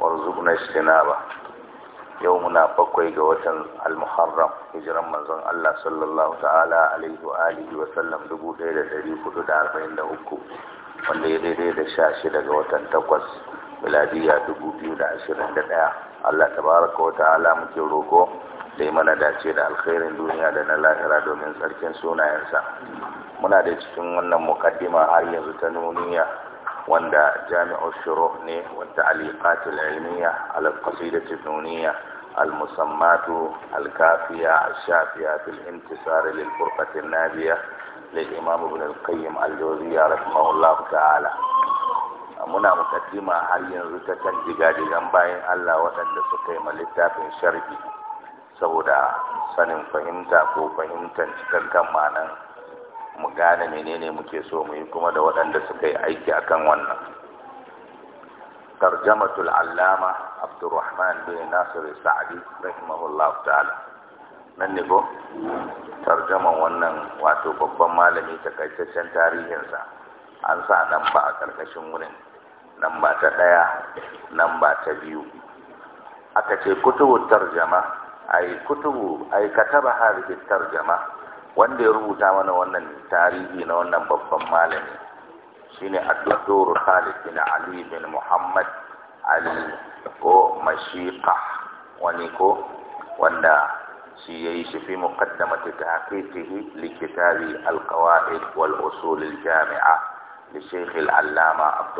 warzuqna ba. yau muna bakwai ga watan al-muharram hijiran manzon Allah sallallahu ta'ala alaihi wa alihi wa sallam 1443 wanda ya daidai da 16 ga watan 8 miladiya 2021 Allah tabaraka wa ta'ala muke roko da yi mana dace da alkhairin duniya da na lahira domin tsarkin sunayensa muna da cikin wannan mukaddima har yanzu ta nuniya wanda jami'ar Shiro ne wata aliqatul ilmiya almusammatu alkafiya nuniya المسمات الكافية الشافية في الانتصار للفرقة النابية للإمام ابن القيم الجوزية رحمه الله تعالى muna mukaddima har yanzu ta kan digadigan bayan Allah waɗanda suka yi ma littafin sharhi saboda sanin fahimta ko fahimtar cikakken ma'anar mu gane menene muke so mu yi kuma da waɗanda suka yi aiki akan wannan tarjamatul allama abdurrahman bin nasir sa'di rahimahullah ta'ala nan ne ko tarjaman wannan wato babban malami takaitaccen tarihinsa an sa nan ba a karkashin wurin nan ba ta ɗaya nan ba ta biyu aka ce kutubu tarjama ai kutubu ai kataba hadhihi tarjama wanda ya rubuta mana wannan tarihi na wannan babban malami shine Abdul Khalid bin Ali bin Muhammad Ali ko Mashiqa wani ko wanda shi yayi shi fi muqaddamati tahqiqihi li kitabi al-qawaid wal usul al-jami'a للشيخ العلامة عبد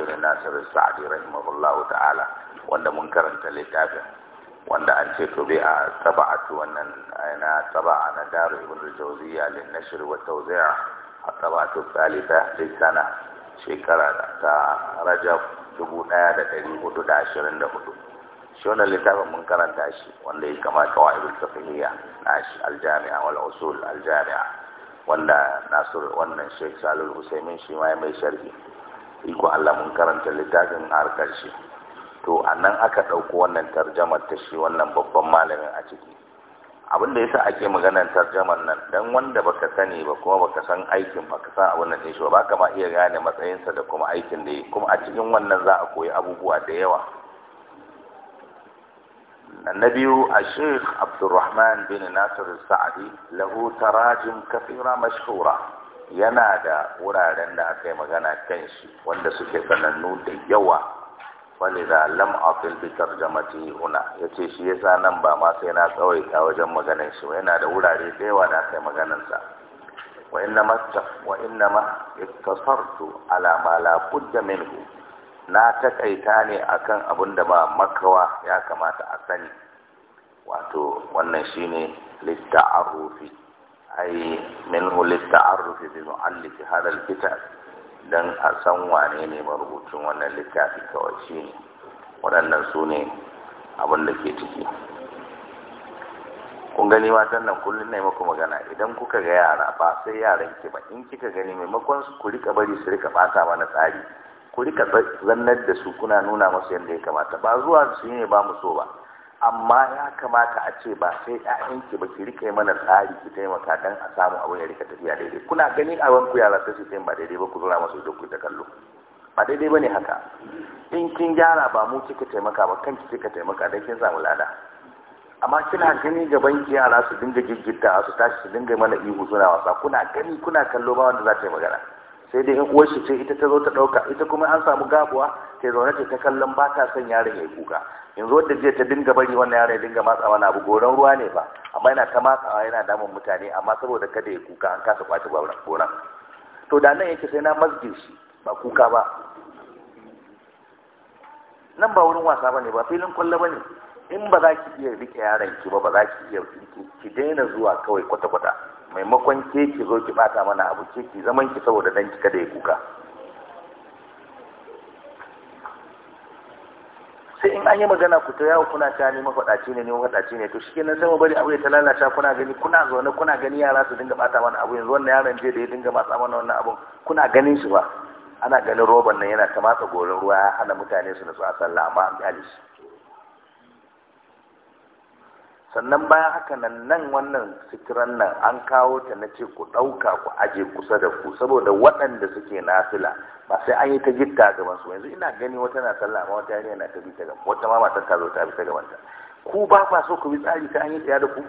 bin بن ناصر السعدي rahimahullahu ta'ala wanda mun karanta littafin. wanda an ce to bai a taba'atu wannan na taba'a na daru ibn al-jawziya lin nashr wa tawzi'a a taba'atu thalitha da sana shekara ta rajab 1424 shi wannan littafin mun karanta shi wanda ya kama qawaidul fiqhiyya na shi al-jami'a wal usul al-jami'a wanda nasir wannan Sheikh Salul Usaimin shi ma mai sharhi iko Allah mun karanta littafin har karshe to a nan aka ɗauko wannan tarjamar ta shi wannan babban malamin a ciki abin da yasa ake maganar tarjamar nan dan wanda baka sani ba kuma baka san aikin baka san abin da shi ba ka ma iya gane matsayinsa da kuma aikin da yi kuma a cikin wannan za a koyi abubuwa da yawa na biyu a sheikh abdurrahman bin nasir sa'adi lahu tarajim kafira mashhura yana da wuraren da aka yi magana kan shi wanda suke sanannu da yawa walidha lam aqil da tarjamati ya yace shi yasa nan ba ma sai na tsawaita wajen maganar shi ba yana da wurare da yawa da kai maganar sa wa ina ma wa ma ittasartu ala ma la minhu na takaita ne akan abin da ba makawa ya kamata a sani wato wannan shine litta'arufi ai minhu rufi bi mu'allifi hadal fitar don a san wane ne marubucin wannan littafi kawai shi ne waɗannan su ne abin da ke ciki kun gani matan nan kullum na muku magana idan kuka ga yara ba sai yaran ki ba in kika gani maimakon su ku rika bari su rika bata mana tsari ku rika zannar da su kuna nuna masu yadda ya kamata ba zuwa su ne ba mu so ba amma ya kamata a ce ba sai ƴaƴan ki ba ki rike mana tsari ki taimaka dan a samu abin ya rika tafiya daidai kuna gani a wanku yara sai su ba daidai ba ku zura masu da ku ta kallo ba daidai bane haka in kin gyara ba mu kika taimaka ba kanki kika taimaka dan kin samu lada amma kina gani ga ki yara su dinga giggita su tashi su dinga mana ihu suna wasa kuna gani kuna kallo ba wanda za ta yi magana sai dai uwar shi ce ita ta zo ta ɗauka ita kuma an samu gabuwa ta zaune ta kallon ba ta son yaron ya yi kuka yanzu wadda jiya ta dinga bari wannan yaron ya dinga matsa wani abu goron ruwa ne ba amma yana ta matsawa yana damun mutane amma saboda kada ya kuka an kasa kwace goron to da nan yake sai na masge shi ba kuka ba nan ba wurin wasa bane ba filin kwallo bane in ba za ki iya rike yaron ki ba ba za ki iya ki daina zuwa kawai kwata-kwata maimakon ke ki zo ki bata mana abu ke ki zaman ki saboda dan ki kada ya kuka sai in an yi magana ku ta yawo kuna ta neman faɗaci ne neman faɗaci ne to shi nan sai bari abu ya ta kuna gani kuna zaune kuna gani yara su dinga bata mana abu yanzu wannan yaron je da ya dinga matsa mana wannan abun kuna ganin shi ba ana ganin roban nan yana ta matsa gorin ruwa ya hana mutane su nutsu a sallah amma an bi alishi sannan bayan haka nan nan wannan sitiran nan an kawo ta na ce ku ɗauka ku aje kusa da ku saboda waɗanda suke nafila ba sai an yi ta gitta ga wasu, yanzu ina gani wata na sallah amma wata yarinya na ta bi ta gaban wata ma matar ta zo ta bi ta gaban ta ku ba ba so ku bi tsari ta an yi tsaya da ku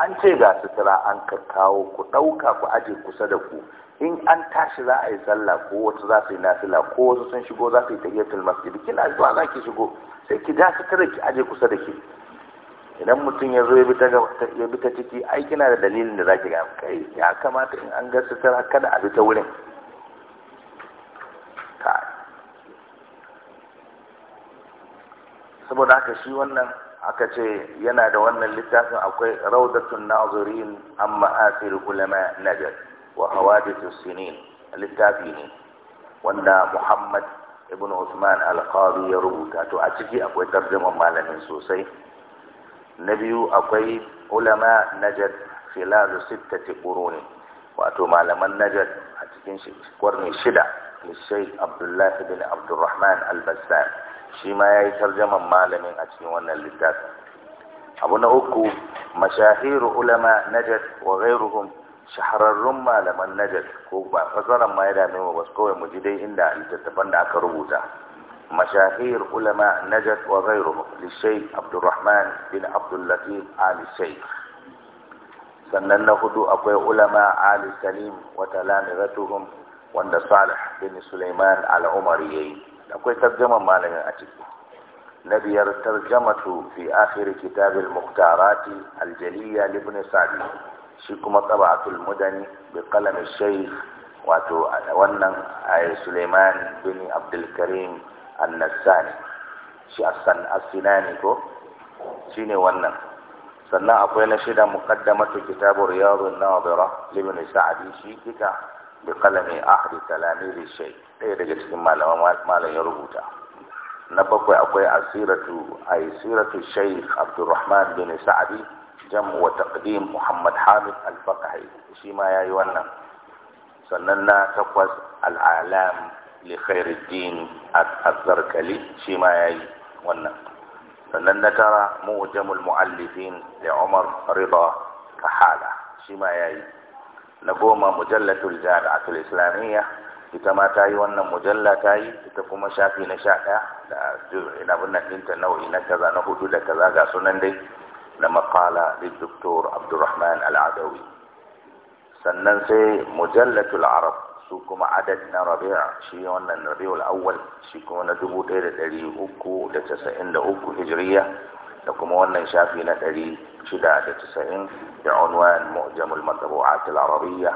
an ce ga sutura an ka kawo ku ɗauka ku aje kusa da ku in an tashi za a yi sallah ko wasu za su yi nafila ko wasu sun shigo za su yi tahiyatul masjid kina zuwa za ki shigo sai ki da sutura ki aje kusa da ki idan mutum ya zo ya bi ta ciki ai kina da dalilin da zaki ga kai ya kamata in an ga kada a bi ta wurin saboda haka shi wannan aka ce yana da wannan littafin akwai raudatun nazirin an na ulama najar wa hawadithu sinin littafi ne wanda muhammad ibn usman al ya rubuta to a ciki akwai tarjuman malamin sosai na biyu akwai ulama najad filazu sittati quruni wato malaman najad a cikin kwarni shida lishai abdullahi bin abdurrahman al shi ma ya yi tarjaman malamin a cikin wannan littafin abu na uku mashahiru ulama najad wa ghairuhum shahararrun malaman najad ko ba fasaran ma ya dame wa kawai mu ji dai inda littattafan da aka rubuta مشاهير علماء نجد وغيرهم للشيخ عبد الرحمن بن عبد اللطيف آل الشيخ سنن له دو علماء آل سليم وتلامذتهم وند صالح بن سليمان العمري اكوي ترجمه ما مالك أجد نبي ترجمته في اخر كتاب المختارات الجليه لابن سعد شكم مطبعة المدني بقلم الشيخ واتو أي سليمان بن عبد الكريم annasani shi as-sinani ko ne wannan sannan akwai na shida muqaddamatu kitabu riyadun nadira ibn sa'di shi kika bi qalami ahli talamiri shay ɗaya daga cikin malaman malam ya rubuta na bakwai akwai asiratu asiratu shaykh abdurrahman bin sa'di jam wa taqdim muhammad hamid al-faqahi shi ma yayi wannan sannan na takwas al-alam li khairuddin az-zarkali shi ma yayi wannan sannan na tara mu'jamul mu'allifin li Umar Rida Kahala shi ma yayi na goma mujallatul jami'atul islamiyya ita ma ta yi wannan mujalla ta yi ita kuma shafi na sha ɗaya da ina bin nan ɗinta nau'i na kaza na hudu da kaza ga sunan dai na makala da doktor abdurrahman al'adawi sannan sai mujallatul arab su kuma adad na rabi'a shi wannan rabi'ul awwal shi kuma na 1393 hijriya da kuma wannan shafi na 690 da unwan mu'jamul matbu'at al-arabiyya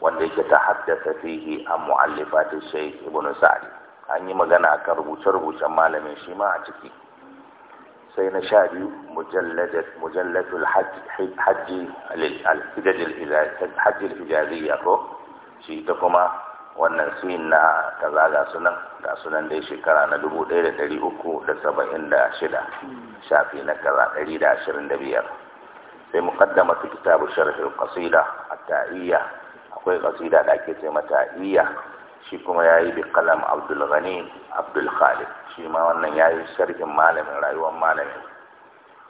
wanda yake tahaddatha fihi an mu'allifat shaykh ibn sa'd an yi magana akan rubuce-rubucen malamin shi ma a ciki sai na sha biyu mujallatul hajji al-hijaz al-hijaziyya ko su ita kuma wannan sin na kaza ga sunan ga sunan dai shekara na 1376 shafi na kaza 125 sai su kitabu sharh al-qasida at-ta'iyya akwai qasida da ake ce mata iya shi kuma yayi bi qalam Abdul Ghani Abdul Khalid shi ma wannan yayi sharhin malamin rayuwar malamin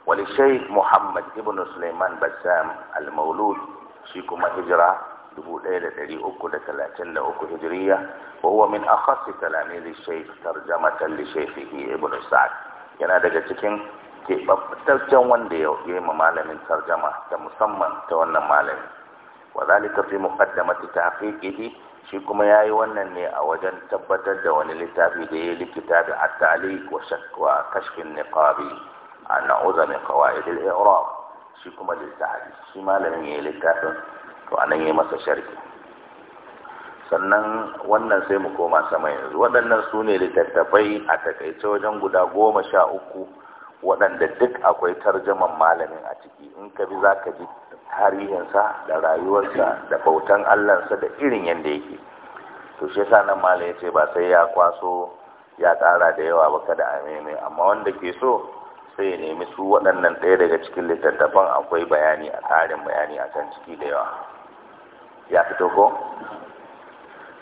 wani shaykh Muhammad ibn Sulaiman Bassam al-Maulud shi kuma hijira 1333 hijiriya wa huwa min akhassi talamizi shaykh tarjamatan li shaykhihi ibn sa'd yana daga cikin keɓaɓɓataccen wanda ya yi ma malamin tarjama ta musamman ta wannan malami wa zalika fi muqaddamati tahqiqihi shi kuma yayi wannan ne a wajen tabbatar da wani littafi da ya likita da at-taliq wa shakwa kashfin niqabi an uzami qawaid al-i'rab shi kuma littafi shi malamin ya yi littafin to anan yi masa sharki sannan wannan sai mu koma sama yanzu waɗannan su ne littattafai a takaice wajen guda goma sha uku waɗanda duk akwai tarjaman malamin a ciki in ka bi za ka ji tarihinsa da rayuwarsa da bautan allansa da irin yadda yake to shi yasa nan malam ya ce ba sai ya kwaso ya ƙara da yawa ba kada a meme amma wanda ke so sai ya nemi su waɗannan ɗaya daga cikin littattafan akwai bayani a tsarin bayani a can ciki da yawa ya fito ko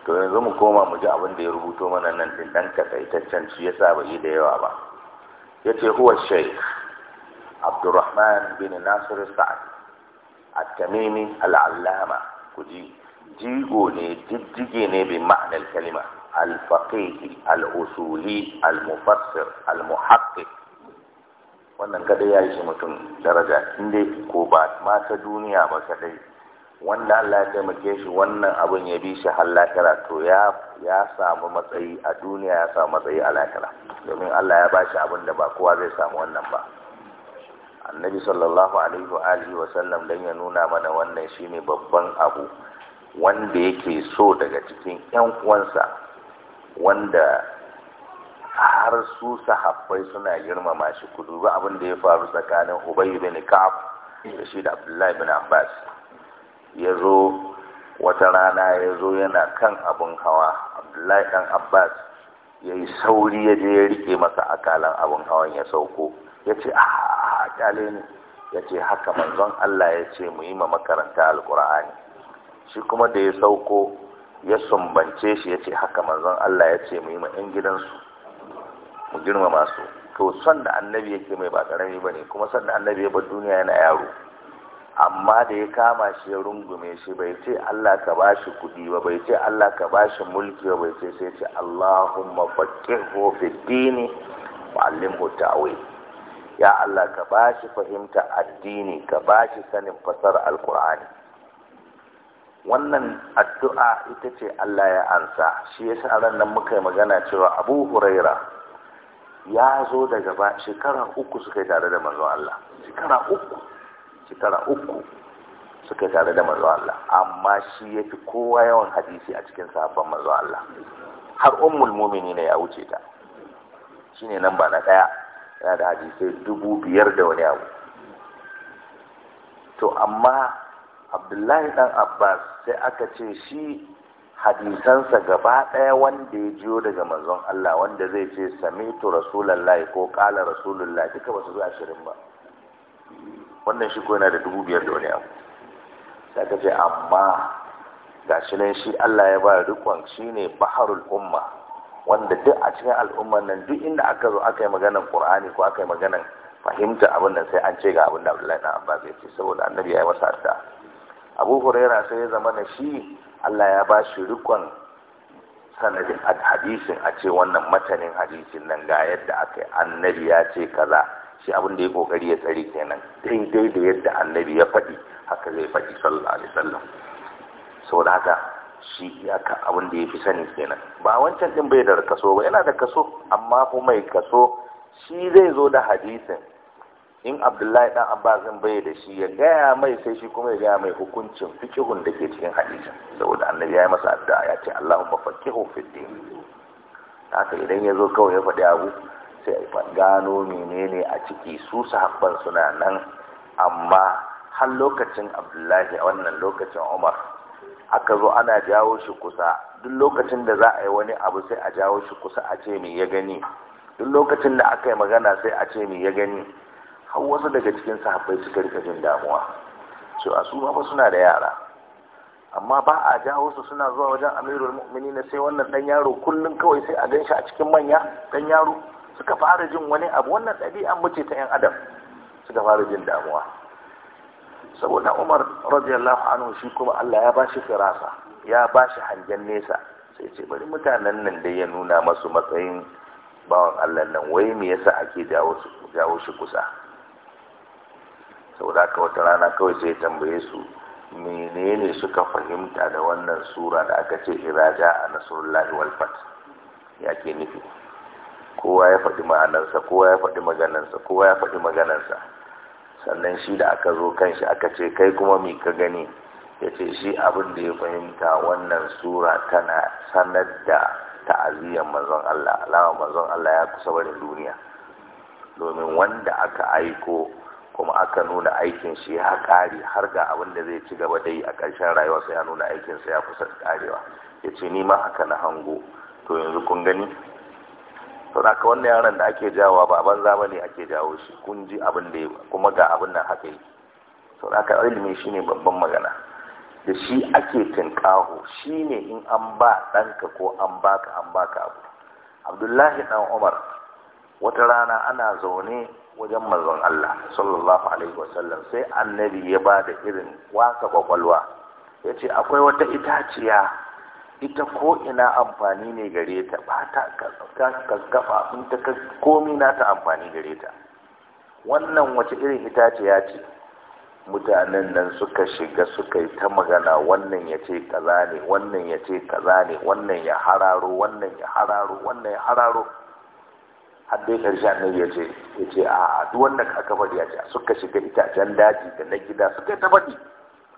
to yanzu mu koma mu ji abin da ya rubuto mana nan din dan takaitaccen shi yasa ba yi da yawa ba yace huwa shaykh Abdurrahman bin Nasir Sa'ad At-Tamimi Al-Allama kuji jigo ne jijjige ne bi ma'anar kalima al-faqih al-usuli al-mufassir al-muhaqqiq wannan kada yayi shi mutum daraja inda ko ba ma ta duniya ba kadai wanda Allah ya taimake shi wannan abin ya bi shi har lahira to ya ya samu matsayi a duniya ya samu matsayi a lahira domin Allah ya bashi abin da ba kowa zai samu wannan ba annabi sallallahu alaihi wa alihi wa sallam dan ya nuna mana wannan shine babban abu wanda yake so daga cikin ƴan uwansa wanda har su sahabbai suna girmama shi ku dubi abin da ya faru tsakanin Ubay ibn Ka'ab da shi Abdullah ibn Abbas ya zo wata rana ya zo yana kan abin hawa abdullahi dan abbas ya yi sauri ya je ya rike masa akalan abin hawan ya sauko ya ce a ah, kyale ne ya ce haka manzon allah ya ce mu yi ma makaranta alkur'ani shi kuma da ya sauko ya sumbance shi ya ce haka manzon allah ya ce mu yi ma 'yan gidansu mu girmama su to son da annabi yake mai ba karami bane kuma son da annabi ya duniya yana yaro amma da ya kama shi ya rungume shi bai ce Allah ka bashi kudi ba bai ce Allah ka bashi mulki ba bai ce sai ce Allahumma faqihhu fi dini wa allimhu ta'wil ya Allah ka bashi fahimta addini ka bashi sanin fasar alqur'ani wannan addu'a ita ce Allah ya ansa shi yasa ran nan muka yi magana cewa Abu Huraira ya zo daga ba shekara uku suka yi tare da manzon Allah shekara uku shekara uku suka tare da manzo Allah amma shi yafi kowa yawan hadisi a cikin sahabban manzo Allah har ummul na ya wuce ta shine ba na daya yana da hadisai dubu biyar da wani abu to amma abdullahi dan abbas sai aka ce shi hadisansa gaba ɗaya wanda ya jiyo daga manzon Allah wanda zai ce samitu rasulallah ko qala rasulullahi duka ba su zo ashirin ba wannan shi ko yana da dubu biyar da wani abu da ka ce amma ga shi nan shi Allah ya ba rikon shi ne baharul umma wanda duk a cikin al'umman nan duk inda aka zo aka yi maganar qur'ani ko aka yi maganar fahimta abin nan sai an ce ga abin da Abdullahi na Abbas ya ce saboda annabi ya yi masa adda. Abu Huraira sai ya zama na shi Allah ya ba shi rikon sanadin hadisin a ce wannan matanin hadisin nan ga yadda aka yi annabi ya ce kaza shi abin da ya kokari ya tsare kenan daidai da yadda annabi ya faɗi haka zai faɗi sallallahu alaihi wasallam sau da haka shi ka abin da ya fi sani kenan ba wancan din bai da kaso ba yana da kaso amma kuma mai kaso shi zai zo da hadisin in abdullahi dan zan bai da shi ya gaya mai sai shi kuma ya gaya mai hukuncin fikihun da ke cikin hadisin saboda annabi ya yi masa addu'a ya ce allahumma faqihu fid din haka idan ya zo kawai ya faɗi abu sai a gano menene a ciki su sahabban suna nan amma har lokacin abdullahi a wannan lokacin umar aka zo ana jawo shi kusa duk lokacin da za a yi wani abu sai a jawo shi kusa a ce me ya gani duk lokacin da aka yi magana sai a ce me ya gani har wasu daga cikin sahabbai suka rika jin damuwa so a su ba suna da yara amma ba a jawo su suna zuwa wajen amirul mu'minin sai wannan dan yaro kullun kawai sai a ganshi a cikin manya dan yaro suka fara jin wani abu wannan ɗabi'an mace ta 'yan adam suka fara jin damuwa saboda umar radiyallahu anhu shi kuma Allah ya bashi firasa ya bashi hangen nesa sai ce bari mutanen nan da ya nuna masu matsayin bawan Allah nan wai me yasa ake jawo shi kusa saboda ka wata rana kawai sai tambaye su menene suka fahimta da wannan sura da aka ce iraja a nasrullahi wal yake nufi kowa ya faɗi ma'anarsa kowa ya faɗi maganarsa kowa ya faɗi maganarsa sannan shi da aka zo kan shi aka ce kai kuma mi ka gani ya ce shi abin da ya fahimta wannan sura tana sanar da ta'aziyyar manzon Allah alama manzon Allah ya kusa barin duniya domin wanda aka aiko kuma aka nuna aikin shi ya ƙari har ga abin da zai ci gaba dai a ƙarshen rayuwarsa ya nuna aikinsa ya kusa ƙarewa ya ce ni ma haka na hango to yanzu kun gani saboda ka wannan yaron da ake jawowa ba banza ne ake jawo shi kun ji abin da kuma ga abin nan haka yi saboda ka ilimi shine babban magana da shi ake tinkaho shine in an ba ɗanka ko an baka an baka abu abdullahi dan umar wata rana ana zaune wajen manzon Allah sallallahu alaihi wasallam sai annabi ya ba da irin wasa kwakwalwa ya ce akwai wata itaciya ita ko ina amfani ne gare ta ba ta gafa in ta komi na ta amfani gare ta wannan wace irin itaciya ce mutanen nan suka shiga suka yi ta magana wannan ya ce kaza ne wannan ya ce kaza ne wannan ya hararo wannan ya hararo wannan ya hararo har dai karshe annabi ya ce ya ce a duk wanda aka faɗi ya ce suka shiga itacen daji da na gida suka yi ta faɗi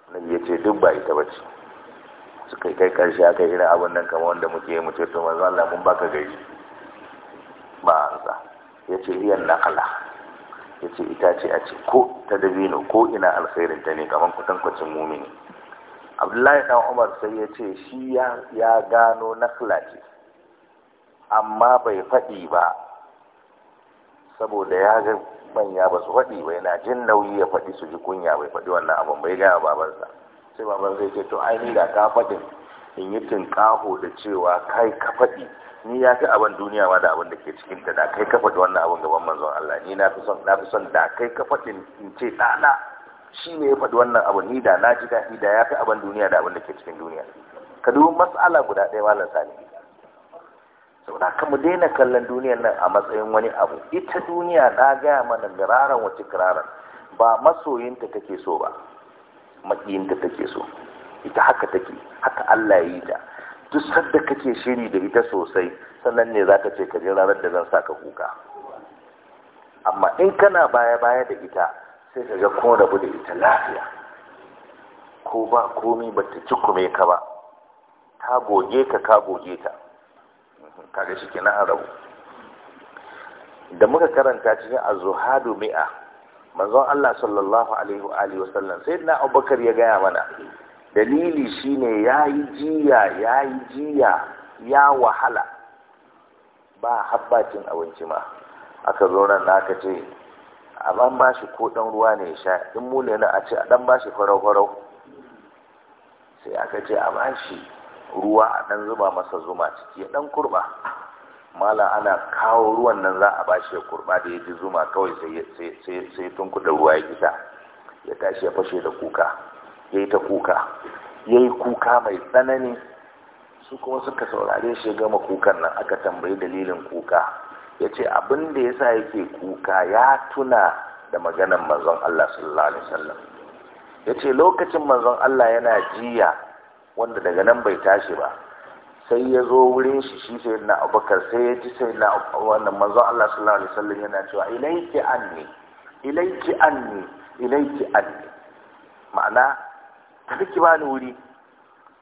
annabi ya ce duk ba ita ba ce suka kai karshe aka yi irin abin nan kamar wanda muke mu ce to manzo Allah mun baka gari ba ansa yace hiyan naqala ce, ita ce a ce ko ta dabino ko ina alkhairin ta ne kaman kutankwacin mumini Abdullahi dan Umar sai ya ce shi ya gano nakla ce amma bai faɗi ba saboda ya ga manya ba su faɗi ba yana jin nauyi ya faɗi su ji kunya bai faɗi wannan abin bai gaya babansa sai baban zai ce to ni da ka faɗin in yi tunƙaho da cewa kai ka faɗi ni ya fi abin duniya ma da abin da ke cikin ta da kai ka faɗi wannan abin gaban manzon Allah ni na fi son na fi son da kai ka faɗi in ce ɗana shi ne ya faɗi wannan abin ni da na ji daɗi da ya fi abin duniya da abin da ke cikin duniya ka dubi mas'ala guda ɗaya malam sani saboda ka mu daina kallon duniyar nan a matsayin wani abu ita duniya na gaya mana gararan wace kiraran ba masoyinta take so ba makiyinta take so ita haka take haka Allah ya yi ta duk sadda kake shiri da ita sosai sannan ne zaka ce ka je ranar da zan sa ka kuka amma in kana baya baya da ita sai ka ga kuma rabu da ita lafiya ko ba komai ba ta cikume ka ba ta goge ka ka goge ta kaga shi kenan rabu da muka karanta cikin azhadu mi'a manzon Allah sallallahu alaihi wa alihi wasallam sai na Abubakar ya gaya mana dalili shine yayi jiya yayi jiya ya wahala ba habbacin abinci ma aka zo ran aka ce a ban bashi ko dan ruwa ne sha in mu ne na a ce a dan bashi farau farau sai aka ce a bashi ruwa a dan zuba masa zuma ciki ya dan kurba mala ana kawo ruwan nan za a bashi ya kurba da ya ji zuma kawai sai tun ruwa ya gida, ya tashi ya fashe da kuka ya yi ta kuka ya yi kuka mai tsanani su kuma suka saurare shi gama kukan nan aka tambayi dalilin kuka ya ce abin da ya sa yake kuka ya tuna da maganan manzon Allah sallallahu alaihi wasallam ya ce lokacin manzon Allah yana jiya wanda daga nan bai tashi ba sai ya zo wurin shi shi sai na abubakar sai ya ji sai na wannan manzo Allah sallallahu alaihi wasallam yana cewa ilaiki anni ilaiki anni ilayki anni ma'ana tafi ki bani wuri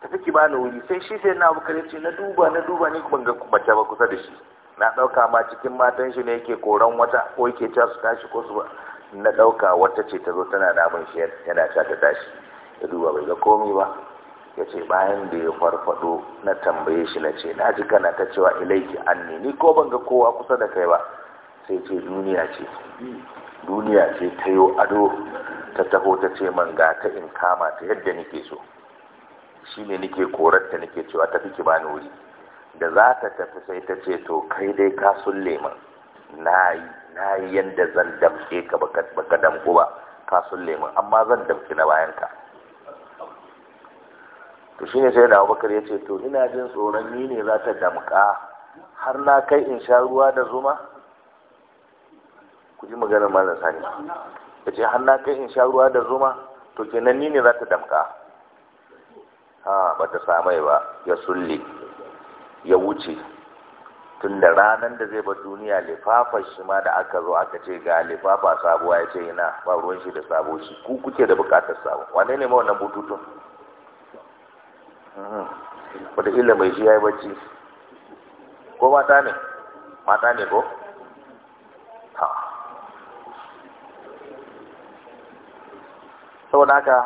tafi ki bani wuri sai shi sai na abubakar ya ce na duba na duba ni ban ga mace ba kusa da shi na dauka ma cikin matan shi ne yake koran wata ko yake ta su tashi ko su ba na dauka wata ce ta zo tana mun shi yana ta tashi ya duba bai ga komai ba ya ce bayan da ya farfado na tambaye shi na ce na ji kana ta cewa ilaiki anni ni ko ban ga kowa kusa da kai ba sai ce duniya ce duniya ce ta yi ado ta taho ta ce man ga ta in kama ta yadda nake so shi ne nake korar ta nake cewa tafi ki bani wuri da za ta tafi sai ta ce to kai dai ka sun lema, na yi yadda zan damke ka baka damku ba ka sun lema, amma zan damke na bayan ka to shine sai da abubakar ya ce to ina jin tsoron ni ne za ta damƙa har na kai in sha ruwa da zuma ku ji maganar malam sani ya ce har na kai in sha ruwa da zuma to kenan ni ne za ta damƙa ha ba ta samai ba ya sulle ya wuce tun da ranar da zai ba duniya lifafa shi ma da aka zo aka ce ga lifafa sabuwa ya ce yana ba ruwan shi da sabo shi ku kuke da bukatar sabo wane ne ma wannan bututun illa mai shi ya yi bacci ko mata ne mata ne ko ta saboda haka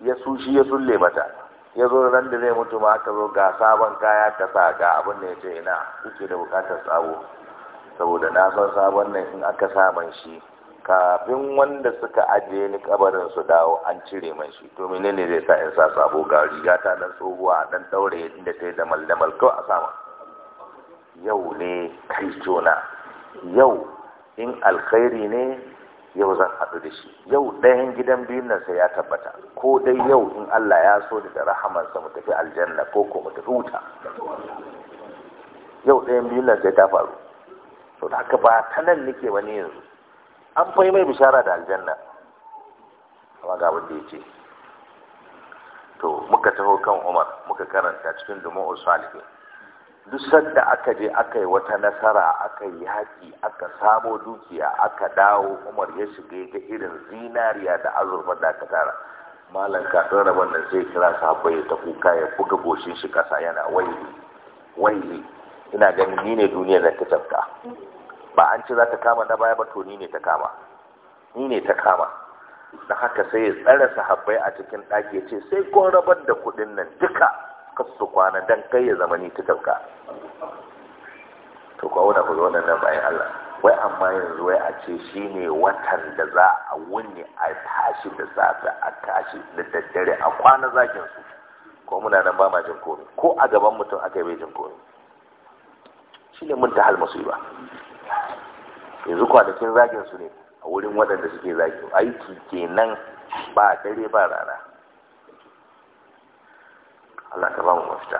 ya su shi ya sulle mata ya zo ran da zai mutu ma aka zo ga sabon kaya ka sa ga abin da ya ce ina kuke da bukatar tsawo, saboda na san sabon nan in aka saman shi kafin wanda suka ajiye ni kabarin su dawo an cire man shi to menene zai sa in sa sabo ga riga ta dan tsohuwa dan daure inda ta yi da mallamal kawai a sama yau ne kai jona yau in alkhairi ne yau zan haɗu da shi yau ɗayan gidan biyun nan ya tabbata ko dai yau in Allah ya so da sa mu tafi aljanna ko ko mu tafi wuta yau ɗayan biyun nan ta faru to da haka ba ta nan nake wani yanzu an fai mai bishara da aljanna amma ga abin ya ce to muka taho kan umar muka karanta cikin dumo salihin duk sanda aka je aka yi wata nasara aka yi haƙi aka samo dukiya aka dawo umar ya shiga ga irin zinariya da azurfa da aka tara malam kafin rabon nan sai kira sahabbai ya tafi kuka ya buga goshin shi kasa yana waili waili ina ganin ni ne duniyar da ta tafka ba an ce za ta kama na baya ba to ni ne ta kama ni ne ta kama da haka sai ya tsare sahabbai a cikin ɗaki ya ce sai kun rabar da kuɗin nan duka kasu kwana don kai ya zama ni ta to kwawo da ku zo nan bayan Allah wai amma yanzu wai a ce shi ne watan da za a wuni a tashi da safe a tashi da daddare a kwana zakin su ko muna nan ba ma jin komi ko a gaban mutum aka yi bai jin komi shi ne mun ta hal ba. yanzu kwanakin zagin su ne a wurin waɗanda suke zagi aiki kenan ba dare ba rana Allah ka ba mu mafita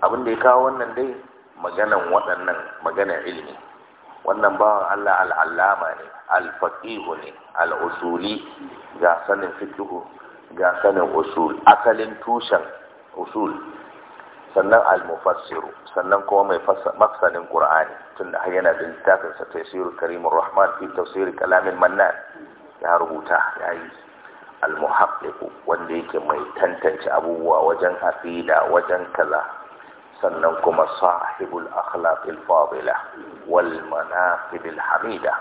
abin da ya kawo wannan dai maganan waɗannan maganar ilimi wannan bawan Allah al'allama ne alfaqihu ne al'usuli ga sanin fiqhu ga sanin usul asalin tushen usul sannan almufassiru mufassiru sannan kuma mai maksanin qur'ani tunda da yana da littafin sa tafsirul karimur rahman fi tafsir kalamin mannan ya rubuta yayi yi muhaqqiq wanda yake mai tantance abubuwa wajen aqida wajen kaza sannan kuma sahibul akhlaqil fadila wal manaqibil hamida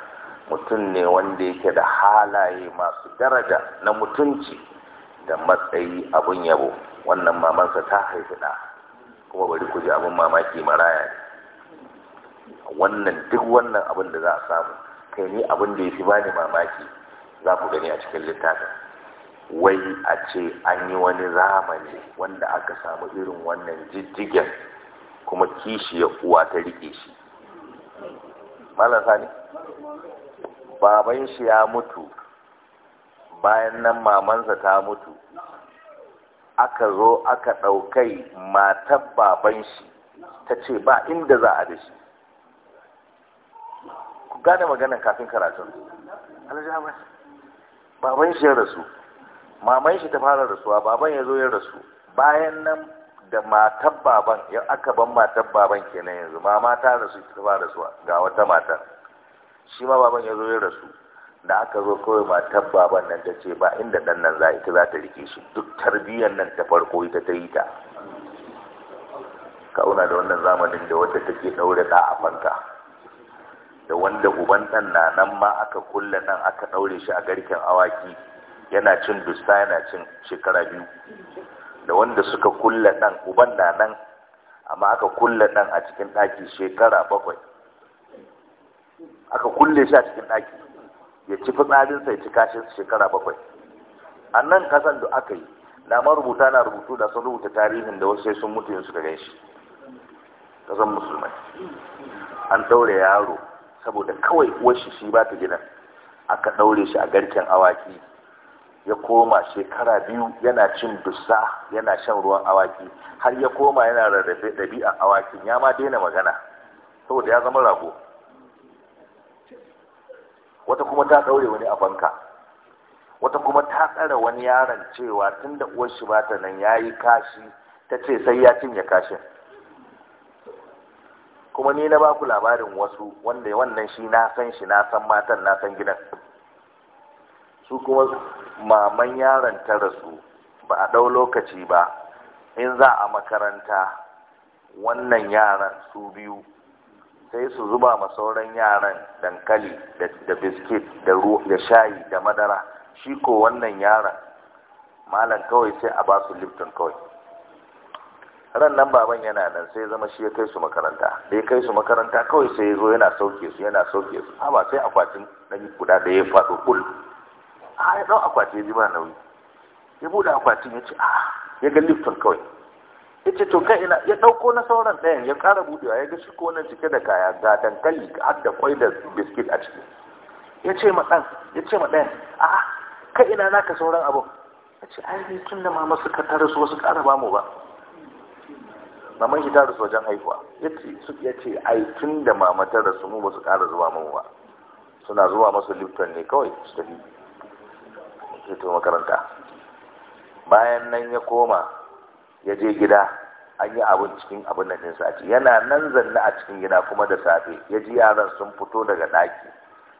mutum ne wanda yake da halaye masu daraja na mutunci da matsayi abun yabo wannan mamansa ta haifi da kuma bari ku ji abin mamaki maraya ne wannan duk wannan abin da za a samu kai ni abin da ya fi bani mamaki za ku gani a cikin littafin wai a ce an yi wani zamani wanda aka samu irin wannan jijjigen kuma kishi ya uwa ta rike shi malam sani baban shi ya mutu bayan nan mamansa ta mutu aka zo aka ɗaukai matar baban shi ta ce ba inda za a da shi ku gane maganar kafin karatun baban shi ya rasu maman shi ta fara rasuwa baban ya zo ya rasu bayan nan da matar baban ya aka ban matar baban kenan yanzu mama ta rasu ta fara rasuwa ga wata matar shi ma baban ya zo ya rasu da aka zo kawai matar baban nan ta ce ba inda ɗan nan za ita za ta rike shi duk tarbiyyar nan ta farko ita ta yi ta kauna da wannan zamanin da wata take daure da a fanka da wanda uban dan na nan ma aka kulle nan aka ɗaure shi a garken awaki yana cin dusta yana cin shekara biyu da wanda suka kulle dan uban na nan amma aka kulle dan a cikin daki shekara bakwai aka kulle shi a cikin daki ya ci fitsarinsa ya ci kashin shekara bakwai a nan kasan da aka yi da marubuta na rubutu da sun rubuta tarihin da wasu sai sun mutu yin suka gan shi kasan musulmai an daure yaro saboda kawai uwar shi ba ta gidan aka daure shi a garken awaki ya koma shekara biyu yana cin dusa yana shan ruwan awaki har ya koma yana rarrafe ɗabi'a awakin ya ma daina magana saboda ya zama rago wata kuma ta ɗaure wani a banka wata kuma ta tsara wani yaron cewa tun da uwar shi bata nan ya yi kashi ta ce sai ya cinye kashin kuma ni na baku labarin wasu wanda wannan shi na san shi na san matan na san gidan su kuma maman yaron ta rasu ba a ɗau lokaci ba in za a makaranta wannan yaran su biyu sai su zuba ma sauran yaran dankali da biskit da shayi da madara shi ko wannan yaran malam kawai sai a ba su lifton kawai ran nan baban yana nan sai zama shi ya kai su makaranta da ya kai su makaranta kawai sai ya zo yana sauke su yana sauke su ba sai akwatin ɗan guda da ya faɗo kul a ah, ya ɗau akwati ya ji ba nauyi ya buɗe akwatin ya ce a ah, ya ga lifton kawai yace to kai ina ya dauko na sauran ɗayan ya ƙara budewa ya ga shi ko nan cike da kaya ga dankali har da kwai da biskit a ciki Ya ce ma ɗan, ya ce ma ɗayan a'a kai ina naka sauran abu ce ai ni tun da mama suka tare su wasu ƙara ba mu ba maman shi ta rasu wajen haihuwa ce su ce ai tun da mama ta rasu mu basu su ƙara zuwa mu ba suna zuwa masu lifton ne kawai su tafi Ya to makaranta bayan nan ya koma ya je gida an yi abin cikin abin da ɗinsa ce yana nan zanne a cikin gida kuma da safe ya ji yaran sun fito daga ɗaki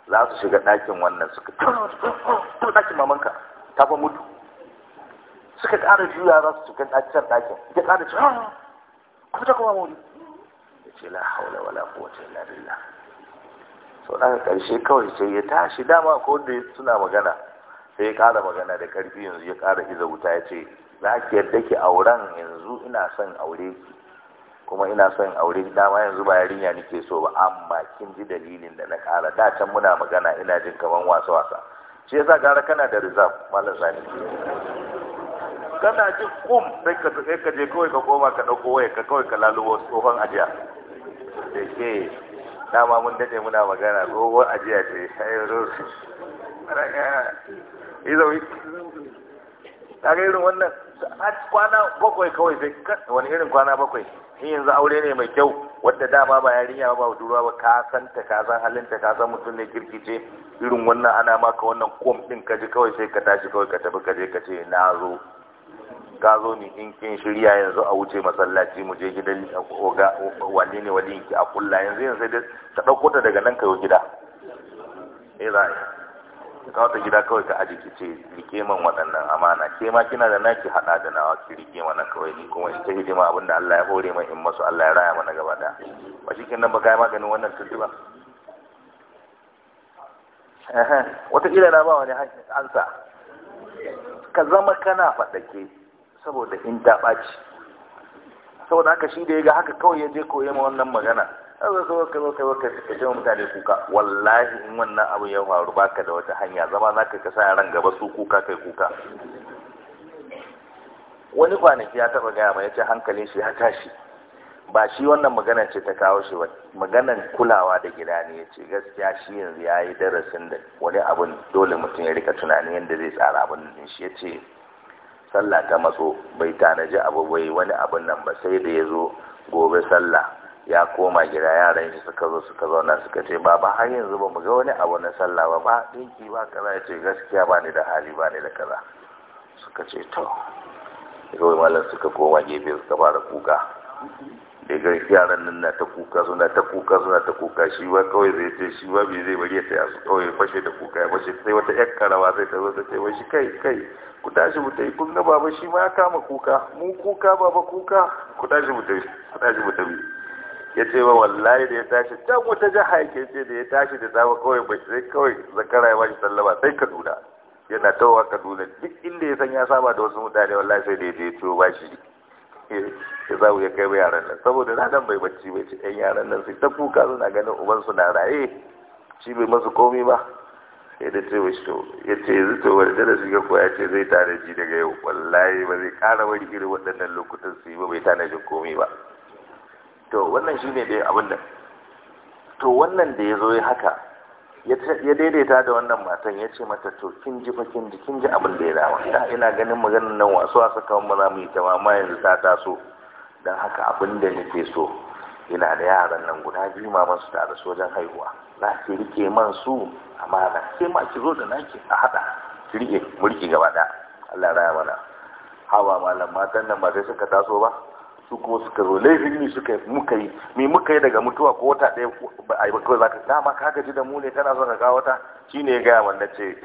za su shiga ɗakin wannan suka tafi ɗakin mamanka ta fa mutu suka ƙara juya yara su shiga ɗakin ɗakin ya ƙara ci ah, kuma ta kuma muri ya ce la haula wala quwwata illa billah so daga ƙarshe kawai sai ya tashi dama ko da suna magana sai ya ƙara magana da ƙarfi yanzu ya ƙara iza wuta ya ce za ki yadda ki auren yanzu ina son aure ki kuma ina son aure dama yanzu ba yarinya nake so ba amma kin ji dalilin da na kara da can muna magana ina jin kaman wasa wasa shi yasa gara kana da reserve mallam sani kana jin kum sai ka sai ka je kawai ka koma ka dauko waya ka kawai ka lalubo tsohon ajiya da ke dama mun dade muna magana tsohon ajiya ce ayyuru izo ga irin wannan kwana bakwai kawai sai wani irin kwana bakwai in yanzu aure ne mai kyau wadda dama ba yarinya ba ba duruwa ba ka san ta ka san halin ta ka san mutum ne kirkice irin wannan ana maka wannan kom din ka ji kawai sai ka tashi kawai ka tafi ka je ka ce na zo ka zo ni in kin shirya yanzu a wuce masallaci mu je gidan oga wanne ne wani ki a kulla yanzu yanzu sai ta dauko ta daga nan ka yo gida eh Ka kawo ta gida kawai ka aji ki ce rike man waɗannan amana ke ma kina da naki haɗa da nawa ki rike mana kawai ni kuma in ta hidima abin da Allah ya hore mai in masu Allah ya raya mana gaba da ba shi kin nan ba kai maganin wannan tuntu ba wataƙila na ba wani ansa ka zama kana faɗake saboda in ta ɓaci saboda haka shi da ya ga haka kawai ya je koye ma wannan magana a baka baka baka ka ce mutane kuka wallahi in wannan abu ya faru baka da wata hanya zama za ka kasa ran gaba su kuka kai kuka wani kwanaki ya taba gaya mai ya ce hankalin shi ya tashi ba shi wannan maganar ce ta kawo shi ba maganar kulawa da gida ne ya ce gaskiya shi yanzu ya yi darasin da wani abin dole mutum ya rika tunani yadda zai tsara abin da shi ya ce sallah ta matso bai tanaji abu bai wani abun nan ba sai da ya zo gobe sallah ya koma gida yaran shi suka zo suka zauna suka ce baba har yanzu ba mu ga wani abu na sallah ba ba dinki ba kaza ya ce gaskiya ba ni da hali ba ni da kaza suka ce to kawai malam suka koma gefe suka fara kuka da ga yaran nan na ta kuka suna ta kuka suna ta kuka shi ba kawai zai ce shi ba bai zai bari ya tsaya su kawai fashe da kuka ya fashe sai wata yar karawa sai ta zo ta ce wai shi kai kai ku tashi mu tafi kun ga baba shi ma ya kama kuka mu kuka baba kuka ku tashi mu tafi ku tashi mu tafi ya ce ba wallahi da ya tashi can wata jiha yake ce da ya tashi da safe kawai bai sai kawai zakara ya bashi sallama sai kaduna yana tawa kaduna duk inda ya san ya saba da wasu mutane wallahi sai da ya je ciwo bashi ya zaɓu ya kai yaran nan saboda na nan bai bacci bai ci ɗan yaran nan sai ta kuka suna ganin uban su na raye shi bai masu komi ba ya da ce wasu to ya ce yanzu to wani da shiga ko ya ce zai tanaji daga yau wallahi ba zai ƙara wani irin waɗannan lokutan su yi ba bai tanajin komi ba to wannan shi ne dai abin da to wannan da ya zo ya haka ya daidaita da wannan matan ya ce mata to kin ji fa kin kin ji abin da ya dawo da ina ganin maganin nan wasu a saka mu za mu yi ta yanzu ta taso don haka abin da nake so ina da yaran nan guda biyu maman su tare su sojan haihuwa na ki rike man su amana sai ma ki zo da naki a hada ki rike mulki gaba da Allah ya raya mana hawa malam matan nan ba sai suka taso ba su kuma suka zo laifin ne suka muka yi mai muka yi daga mutuwa ko wata ɗaya ba a yi ba za ka dama ka gaji da mu ne kana son ka kawo shi ne ya gaya man na ce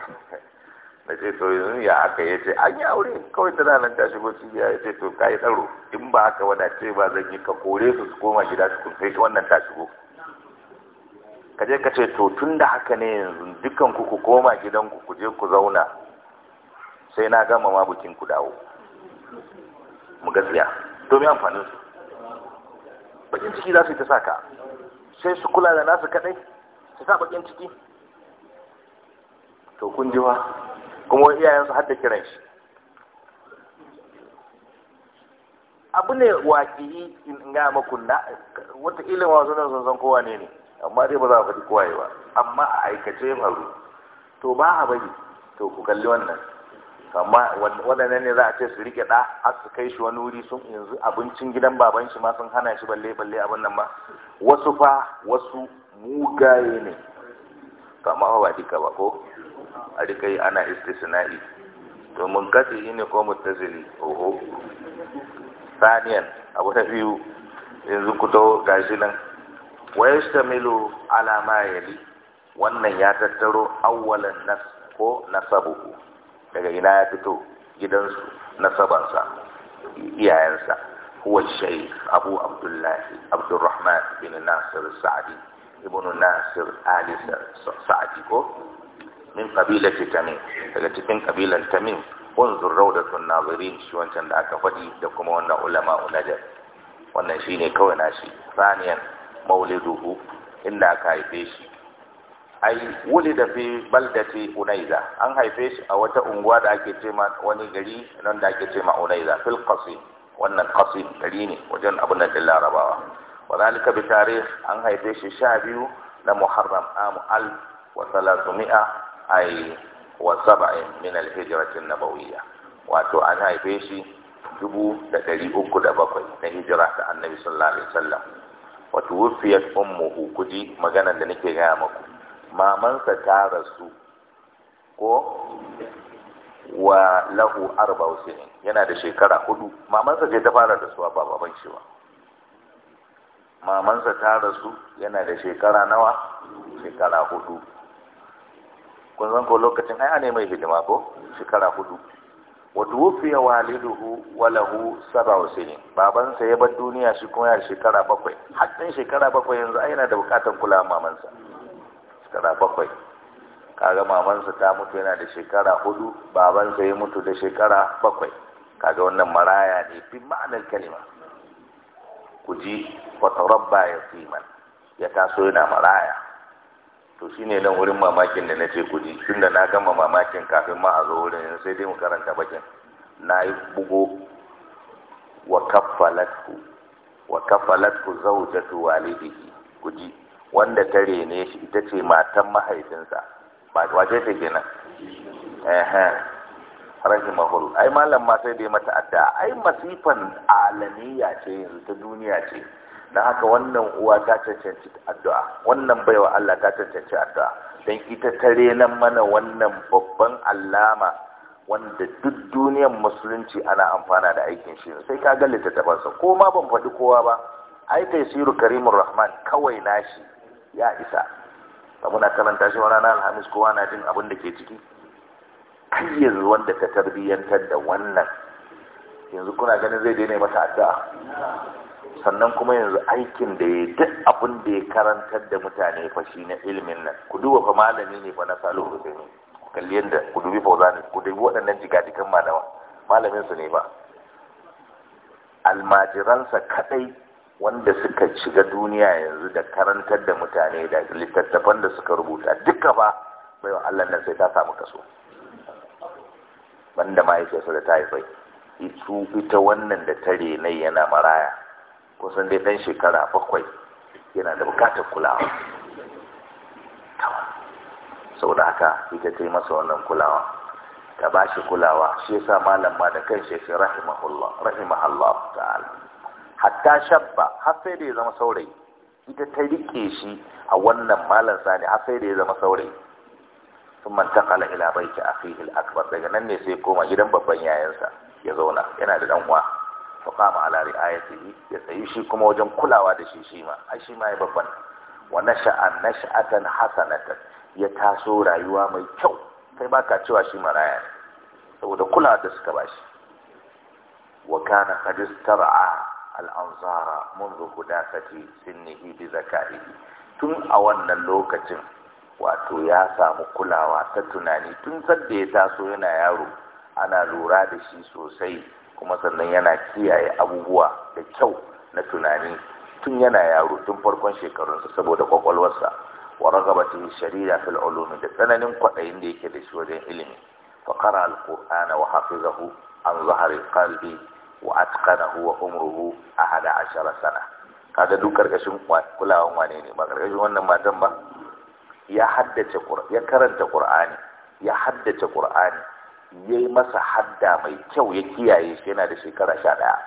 na ce to yanzu ya aka ya ce an yi aure kawai tana nan ta shigo cibiya ya ce to ka yi tsaro in ba haka wadace ba zan yi ka kore su su koma gida su kun sai wannan ta shigo ka je ka ce to tun da haka ne yanzu dukkan ku ku koma gidanku ku je ku zauna sai na gama ma bukin ku dawo mu gaskiya domin amfanin su bakin ciki za su yi ta saka sai su kula da nasu kadai su sa bakin ciki to kun ji wa kuma iyayensu har da kiran shi abu ne waƙi in ga maku na wata ilin wasu nan sun san kowa ne ne amma dai ba za a faɗi kowa ba amma a aikace faru to ba a bari to ku kalli wannan amma waɗannan ne za a ce su rike ɗa har su kai shi wani wuri sun yanzu abincin gidan baban shi ma sun hana shi balle balle abin nan ma wasu fa wasu mugaye ne kama ba duka ba ko a rika yi ana istisna'i domin kasi ne ko mutasili oho saniyan abu ta biyu yanzu ku taho gashi nan ta milo ala ma yali wannan ya tattaro awwalan nas ko nasabuhu daga ina ya fito gidansu nasabansa iyayensa huwa shaykh abu abdullahi abdurrahman bin nasir Sa'adi, ibn nasir ali Sa'adi, ko min qabilati tamim daga cikin kabilan tamim unzur rawdatun nazirin shi wancan da aka faɗi da kuma wannan ulama unajar wannan shine kawai nashi saniyan mauliduhu inda aka haife shi ai wuli da fi baldati unaiza an haife shi a wata unguwa da ake ce ma wani gari nan da ake ce ma unaiza fil qasim wannan qasim gari ne wajen abin da larabawa wa bi tarikh an haife shi sha biyu na muharram amu al wa salasumi'a ai wa saba'in min al hijratin nabawiyya wato an haife shi dubu da uku da bakwai na hijira ta annabi sallallahu alaihi wasallam wato wufiyat ummuhu kuji maganar da nake gaya maku mamansa ta rasu ko wa lahu arba usini yana da shekara hudu mamansa ce ta fara rasuwa ba baban shi ba mamansa ta rasu yana da shekara nawa shekara hudu kun san ko lokacin ai ne mai hidima ko shekara hudu wa tuwfiya waliduhu wa lahu sab'u sinin babansa ya bar duniya shi kuma ya shekara bakwai har shekara bakwai yanzu ai yana da bukatan kula mamansa shekara bakwai kaga mamansa ta mutu yana da shekara hudu babansa ya mutu da shekara bakwai kaga wannan maraya ne fi ma'anar kalima ku ji wata rabba ya siman ya taso yana maraya to shi ne nan wurin mamakin da na ce ku ji tunda na gama mamakin kafin ma a zo wurin sai dai mu karanta bakin na yi bugo wa kafalatku wa walidihi ku ji wanda ta rene shi ita ce matan mahaifinsa wace ta kenan rashin mahul ai malam ma sai dai mata adda ai masifan alamiya ce yanzu ta duniya ce Na haka wannan uwa ta cancanci addu'a wannan baiwa Allah ta cancanci addu'a dan ita ta renan mana wannan babban alama wanda duk duniyar musulunci ana amfana da aikin shi sai ka ga littattafansa ko ma ban faɗi kowa ba ai tafsirul karimur rahman kawai nashi ya isa ba muna karanta shi wani ranar alhamis kowa na jin abin da ke ciki kai yanzu wanda ta tarbiyyantar da wannan yanzu kuna ganin zai daina mata adda sannan kuma yanzu aikin da ya duk abin da ya karantar da mutane fa shi na ilimin nan ku duba fa malami ne fa na salo hussein ku kalli yadda ku dubi fauzani ku dubi waɗannan jigajikan malama malamin su ne ba almajiransa kadai wanda suka shiga duniya yanzu da karantar da mutane da littattafan da suka rubuta duka ba bai wa Allah nan sai ta samu kaso banda ma yake so da ta haifai itu ita wannan da tare nai yana maraya kusan dai dan shekara bakwai yana da bukatar kulawa sau haka ita ta yi masa wannan kulawa ta ba shi kulawa shi yasa malam ma da kan shi rahimahullah rahimahullah ta'ala hatta shabba har sai da ya zama saurayi ita ta rike shi a wannan malan sani har sai da ya zama saurayi sun manta kala ila baiki akhihi al-akbar daga nan ne sai koma gidan babban yayansa ya zauna yana da dan uwa fa kama ala ri'ayatihi ya tsayi shi kuma wajen kulawa da shi shi ma ai shi ma ya babban wa nasha'a nash'atan hasanatan ya taso rayuwa mai kyau kai baka cewa shi maraya ne saboda kulawa da suka bashi wa kana qad istara'a al'anzara منذ hudasati ne bi zaka'ihi tun a wannan lokacin wato ya samu kulawa ta tunani tun sadda ya taso yana yaro ana lura da shi sosai kuma sannan yana kiyaye abubuwa da kyau na tunani tun yana yaro tun farkon shekarunsa saboda kwakwalwarsa wa ragabatin shari'a fil ulumi da tsananin kwaɗayin da yake da shi wajen ilimi fa qara al-qur'ana wa hafizahu an zahari qalbi wa atqanahu wa umruhu ahada ashara sana kaga duk karkashin kulawan wane ne ba karkashin wannan matan ba ya haddace ya karanta qur'ani ya haddace qur'ani yayi masa hadda mai kyau ya kiyaye shi yana da shekara 11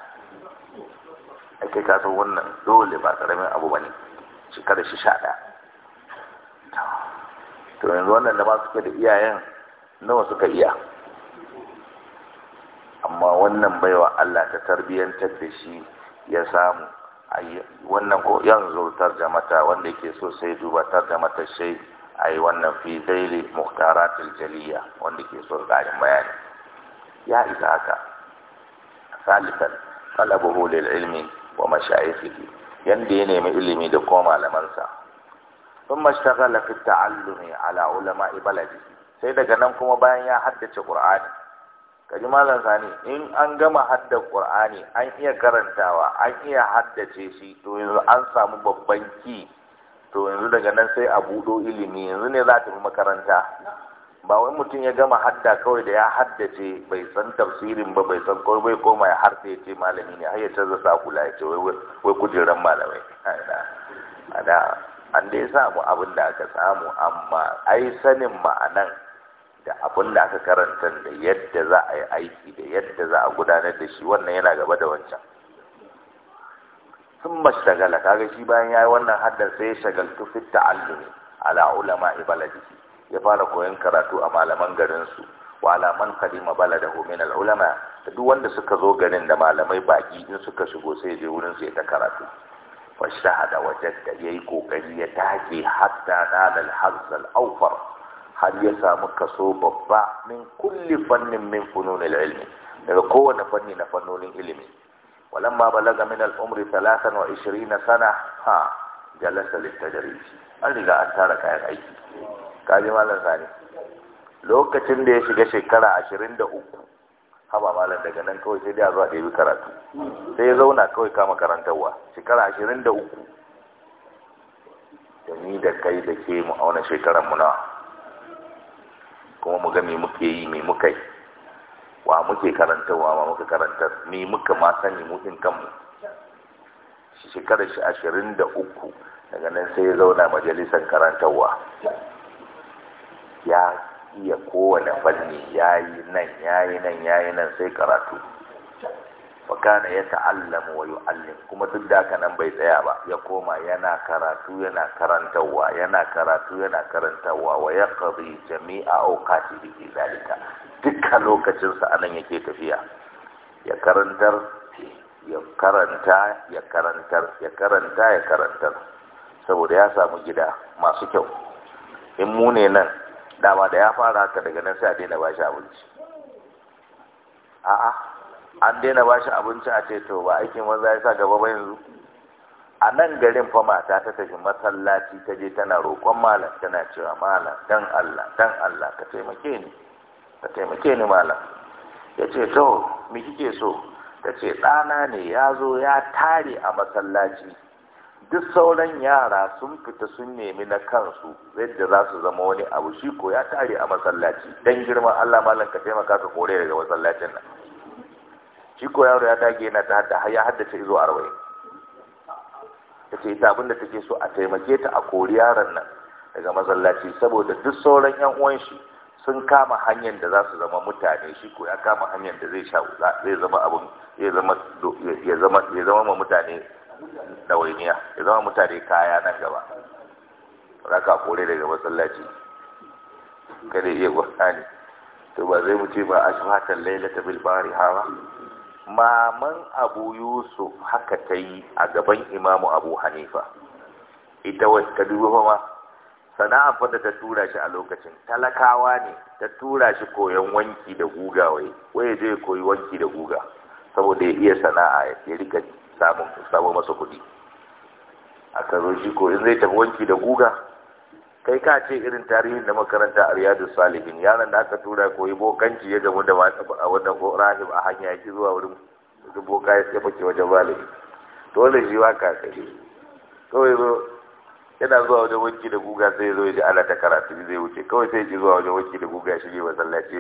ake kasa wannan dole ba karamin abu bane shekara shi 11 to yanzu wannan da ba suke da iyayen nawa suka iya amma wannan baiwa Allah ta tarbiyyantar da shi ya samu wannan ko yanzu tarjamata wanda yake so sai duba tarjamata shai yi wannan fi daili muhtaratul jaliya wanda ke so tsarin bayani ya isa haka salifan, talabuhu lil ilmi wa mashayikhi yanda ya nemi ilimi da kuma malamansa thumma ishtaghala fi ta'allumi ala ulama'i baladi sai daga nan kuma bayan ya haddace qur'ani kaji malam sani in an gama hadda qur'ani an iya karantawa an iya haddace shi to yanzu an samu babban ki to yanzu daga nan sai a buɗo ilimi yanzu ne za ta makaranta ba wai mutum ya gama hadda kawai da ya haddace bai san tafsirin ba bai san kawai bai koma ya harfe ya ce malami ne har ya canza sakula ya ce wai kujeran malamai ana an dai samu abin da aka samu amma ai sanin ma'anan da abin da aka karanta da yadda za a yi aiki da yadda za a gudanar da shi wannan yana gaba da wancan sun mashagala kaga shi bayan ya yi wannan haddan sai ya shagaltu fitta ta'allumi ala ulama baladihi ya fara koyon karatu a malaman garinsu wa alaman kadima hu min al ulama da duk wanda suka zo garin da malamai baki in suka shigo sai je wurin su ya ta karatu fashahada wajadda yayi kokari ya take hatta dalal hazzal awfar har ya samu kaso babba min kulli fannin min fununil ilimi daga kowane fanni na fannonin ilimi walan ma balaga min al-umri 23 sana ha jalasa littajarij an riga an tara kayan aiki kaji malam sani lokacin da ya shiga shekara 23 haba malam daga nan kawai sai da zuwa ɗebi karatu sai ya zauna kawai kama karantarwa shekara 23 da ni da kai da ke mu a wani shekaran mu nawa kuma mu ga me muke yi me muka yi wa muke karantarwa wa muka karantar me muka ma sani mu din kanmu shekarar shi ashirin da uku daga nan sai ya zauna majalisar karantarwa ya iya kowane fanni ya yi nan ya yi nan ya yi nan sai karatu wa kana yata'allamu wa yu'allim kuma duk da haka nan bai tsaya ba ya koma yana karatu yana karantawa yana karatu yana karantawa wa qadi jami'a awqatihi fi zalika dukkan lokacin sa anan yake tafiya ya karantar ya karanta ya karantar ya karanta ya karantar saboda ya samu gida masu kyau in mu ne nan dama da ya fara haka daga nan sai a daina bashi abinci a'a an daina ba shi abinci a ce to ba aikin maza ya sa gaba ba yanzu a nan garin fa mata ta tafi masallaci ta je tana roƙon malam tana cewa malam dan Allah dan Allah ka taimake ni ka taimake ni malam ya ce to me kike so ta ce ɗana ne ya zo ya tare a masallaci duk sauran yara sun fita sun nemi na kansu yadda za su zama wani abu shi ko ya tare a masallaci dan girman Allah malam ka taimaka ka kore daga masallacin nan shi ko yaro ya dage yana ta har ya haddace izo arwai ta ce ita abinda take so a taimake ta a kori yaron nan daga masallaci saboda duk sauran yan uwan shi sun kama hanyar da za su zama mutane shi ko ya kama hanyar da zai sha zai zama abin ya zama ya zama ya zama ma mutane dawainiya ya zama mutane kaya nan gaba za ka kore daga masallaci kada iya gwata to ba zai mu ce ba ashfatan lailata bil bariha ba maman abu yusuf haka ta yi a gaban imamu abu hanifa ita wasu ka duba ma sana'a ta tura shi a lokacin talakawa ne ta tura shi koyon wanki da guga wai waye zai koyi wanki da guga saboda ya iya sana'a ya rika samun masa kuɗi A karo shi ko zai tafi wanki da guga kai ka ce irin tarihin da makaranta a riyadu salihin yaron da aka tura koyi bokanci ya gamu da a wannan rahim a hanya ya ki zuwa wurin boka ya fake wajen malami dole shi wa ka kai kawai zo yana zuwa wajen wanki da guga sai ya zo ya ji ana ta karatu zai wuce kawai sai ji zuwa wajen wanki da guga shi ne masallaci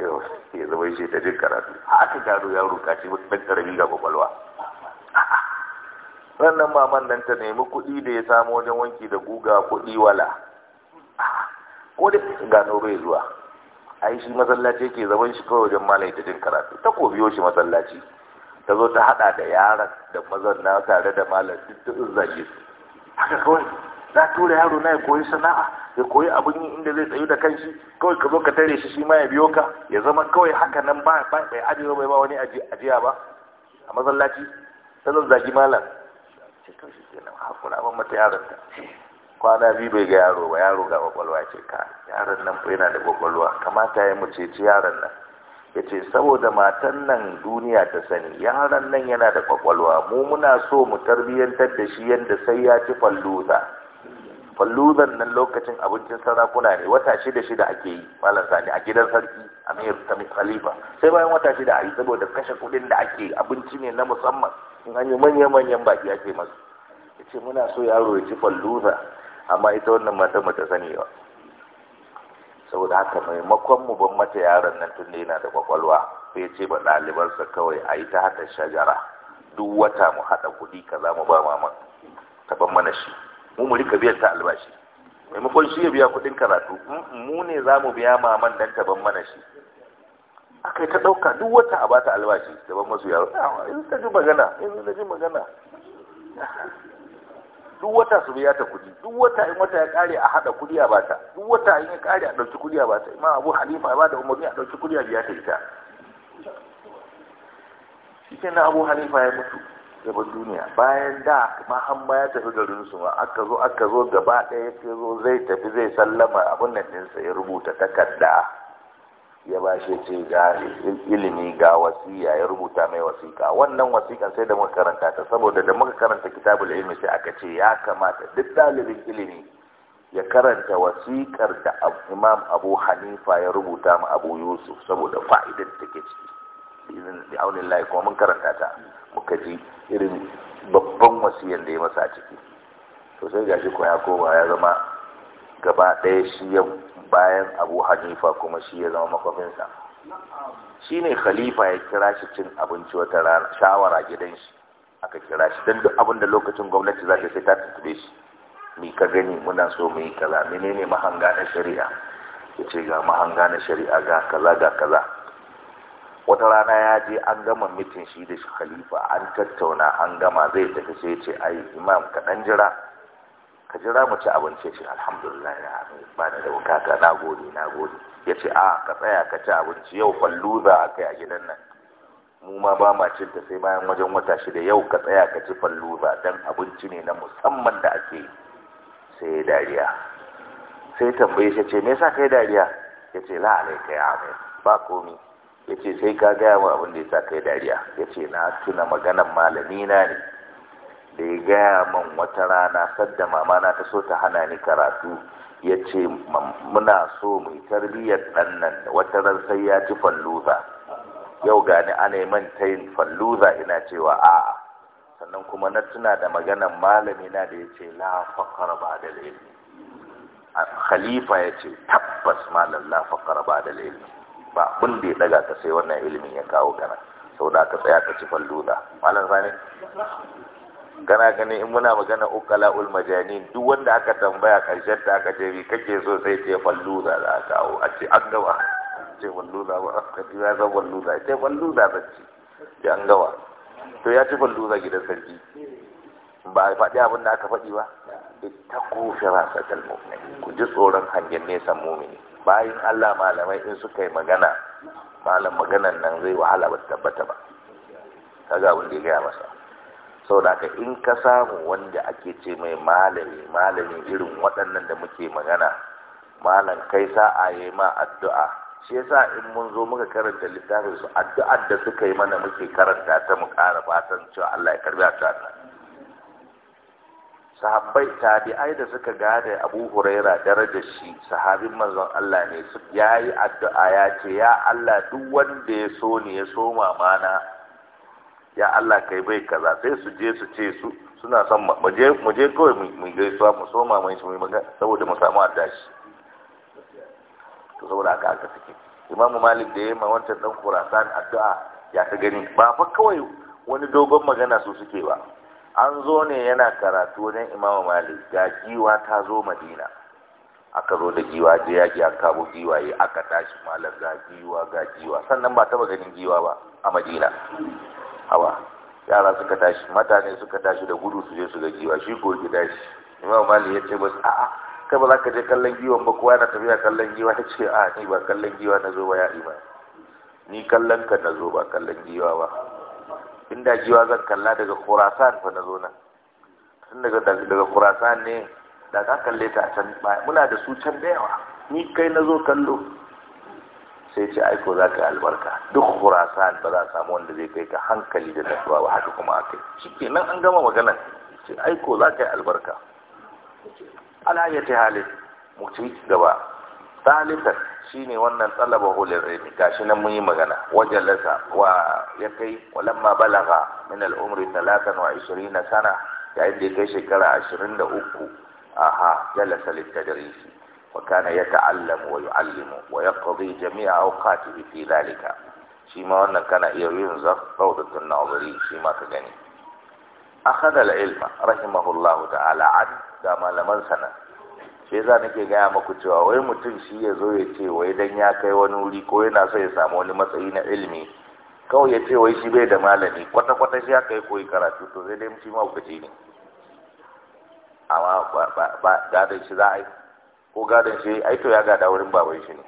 ya zama shi ta jin karatu haka gano ce wata ɗan ƙarami ga kwakwalwa wannan maman nan ta nemi kuɗi da ya samu wajen wanki da guga kuɗi wala ko da gano bai zuwa yi shi masallaci ke zaman shi kawai wajen malai ta jin karatu ta ko biyo shi masallaci ta zo ta hada da yara da mazan na tare da malam duk da zage su haka kawai za tura yaro na ya koyi sana'a ya koyi abin yi inda zai tsayu da kanshi kawai ka zo ka tare shi shi ma ya biyo ka ya zama kawai haka nan ba bai ajiye bai ba wani ajiya ba a masallaci ta zan zage malam ce to shi kenan mata yaron ta kwana biyu bai ga yaro ba yaro ga kwakwalwa ce ka yaron nan fa yana da kwakwalwa kamata ya mace ci yaron nan ya ce saboda matan nan duniya ta sani yaron nan yana da kwakwalwa mu muna so mu tarbiyyantar da shi yadda sai ya ci falluza falluzan nan lokacin abincin sarakuna ne wata shida shida ake yi malam sani a gidan sarki amir tamir khalifa sai bayan wata shida a yi saboda kashe kuɗin da ake abinci ne na musamman in an yi manyan baki ake masu ya ce muna so yaro ya ci falluza amma ita wannan matan ta sani ba saboda haka maimakon mu ban mata yaron nan tun yana da kwakwalwa sai ce ba ɗalibarsa kawai a yi ta haka shajara duk wata mu haɗa kuɗi ka za mu ba mama ban mana shi mu mu rika biyan ta albashi maimakon shi ya biya kuɗin karatu mu ne za mu biya maman dan ta ban mana shi aka yi ta ɗauka duk wata a bata albashi ban masu yaro in ta ji magana in ta ji magana duk wata su biya ta kuɗi duk wata in wata ya kare a haɗa kuɗi a bata duk wata in ya kare a ɗauki kuɗi a bata imam abu halifa ya bada umarni a ɗauki kuɗi a biya ta ita shi na abu halifa ya mutu gaban duniya bayan da ba ya tafi garin su aka zo aka zo gaba ɗaya ya zo zai tafi zai sallama abin nan ɗinsa ya rubuta takarda ya ba shi ce ga ilimi ga wasiya ya rubuta mai wasiƙa wannan wasiƙan sai da muka karanta ta saboda da muka karanta kitabul ilmi sai aka ce ya kamata duk dalibin ilimi ya karanta wasiƙar da imam abu hanifa ya rubuta ma abu yusuf saboda fa'idar da take ciki izin da aunin layi kuma mun karanta ta muka ji irin babban wasiyan da ya masa a ciki to sai gashi ko ya koma ya zama gaba ɗaya shi ya bayan abu hanifa kuma shi ya zama makwafinsa shi ne khalifa ya kira shi cin abinci wata rana shawara gidan shi aka kira shi don duk abinda lokacin gwamnati za ta sai ta tuntube shi mi ka gani muna so mu yi kaza menene mahanga na shari'a ya ce ga mahanga na shari'a ga kaza ga kaza wata rana ya je an gama mitin shi da khalifa an tattauna an gama zai tafi sai ce ai imam kaɗan jira ka jira mu ci abinci shi ce alhamdulillah ya ba ni da bukata na gode na gode ya ce a ka tsaya ka ci abinci yau falluza a kai a gidan nan mu ma ba ma cin ta sai bayan wajen wata shida yau ka tsaya ka ci falluza dan abinci ne na musamman da ake sai dariya sai tambaye shi ce me yasa kai dariya ya ce la kai ya ba komi ya ce sai ka gaya wa abin da ya sa kai dariya ya ce na tuna maganan malamina ne da ya gaya man wata rana sadda mamana ta so ta hana ni karatu ya ce muna so mai tarbiyyar ɗan nan wata ran sai ya ci falluza yau gani ana yi man ta yin falluza ina cewa a'a sannan kuma na tuna da maganan malami na da ya ce la faƙar ba da khalifa ya ce tabbas malam la faƙar ba da ba abin da ya ɗaga ka sai wannan ilimin ya kawo kana sau da aka tsaya ka ci falluza malam sani kana gani in muna magana ukala ul majanin duk wanda aka tambaya karshen ta aka ce bi kake so sai ce falluza za a kawo a ce an gawa ce falluza ba ka ji ya san falluza ce falluza ba ce ya an gawa to ya ci falluza gidan sarki ba a faɗi abin da aka faɗi ba ita kofi firasatul mu'min ku ji tsoron hangen nesa mu'mini bayan Allah malamai in suka yi magana malam maganan nan zai wahala ba tabbata ba kaga abin da ya gaya masa saboda ka in ka samu wanda ake ce mai malami malami irin waɗannan da muke magana malam kai sa'a yi ma addu'a shi yasa in mun zo muka karanta littafin su addu'ar da suka yi mana muke karanta ta mu ƙara fatan cewa Allah ya karbi addu'ar ta sahabbai ai da suka gane Abu Huraira darajar shi sahabin manzon Allah ne su yayi addu'a ya ce ya Allah duk wanda ya so ne ya so mamana ya Allah kai bai kaza sai su je su ce su suna son mu je mu kawai mu gaisuwa mu so ma mai mu magana saboda mu samu addashi to saboda haka aka take imamu malik da yayi ma wancan dan kurasan addu'a ya ta gani ba fa kawai wani dogon magana su suke ba an zo ne yana karatu wajen imamu malik ga giwa ta zo madina aka zo da giwa je yaki an kamo giwaye aka tashi malam ga giwa ga giwa sannan ba taba ganin giwa ba a madina hawa yara suka tashi mutane suka tashi da gudu su je su ga giwa shi ko ki shi imam mali ya ce bas a'a kai ba za ka je kallon giwan ba kowa na tafiya kallon giwa ya ce a'a ni ba kallon giwa na zo ba ya ima ni kallon ka na zo ba kallon giwa ba inda giwa zan kalla daga khurasan fa na zo nan tun daga daga khurasan ne da ka kalle ta a can muna da su can da yawa ni kai na zo kallo sai ce aiko za ka yi albarka duk khurasan ba za a samu wanda zai kai ka hankali da nasuwa ba haka kuma aka yi shi nan an gama maganar ce aiko za ka yi albarka ala ya ta halin mutu gaba talitan shine wannan talaba hulil ilmi gashi nan mun yi magana wajalasa wa ya kai walamma balaga min wa ishirin na sana yayin da ya kai shekara uku, aha jalasa litadrisi وكان يتعلم ويعلم ويقضي جميع أوقاته في ذلك شيما أن كان ينظر روضة الناظرين شيما كجني أخذ العلم رحمه الله تعالى عنه كما لمن سنة shi yasa nake gaya maku cewa wai mutum shi ya zo ya ce wai dan ya kai wani wuri ko yana so ya samu wani matsayi na ilimi kawai ya ce wai shi bai da malami kwata-kwata shi aka yi koyi karatu to zai dai mutum ma ne amma ko gadon shi ai to ya gada wurin baban shi ne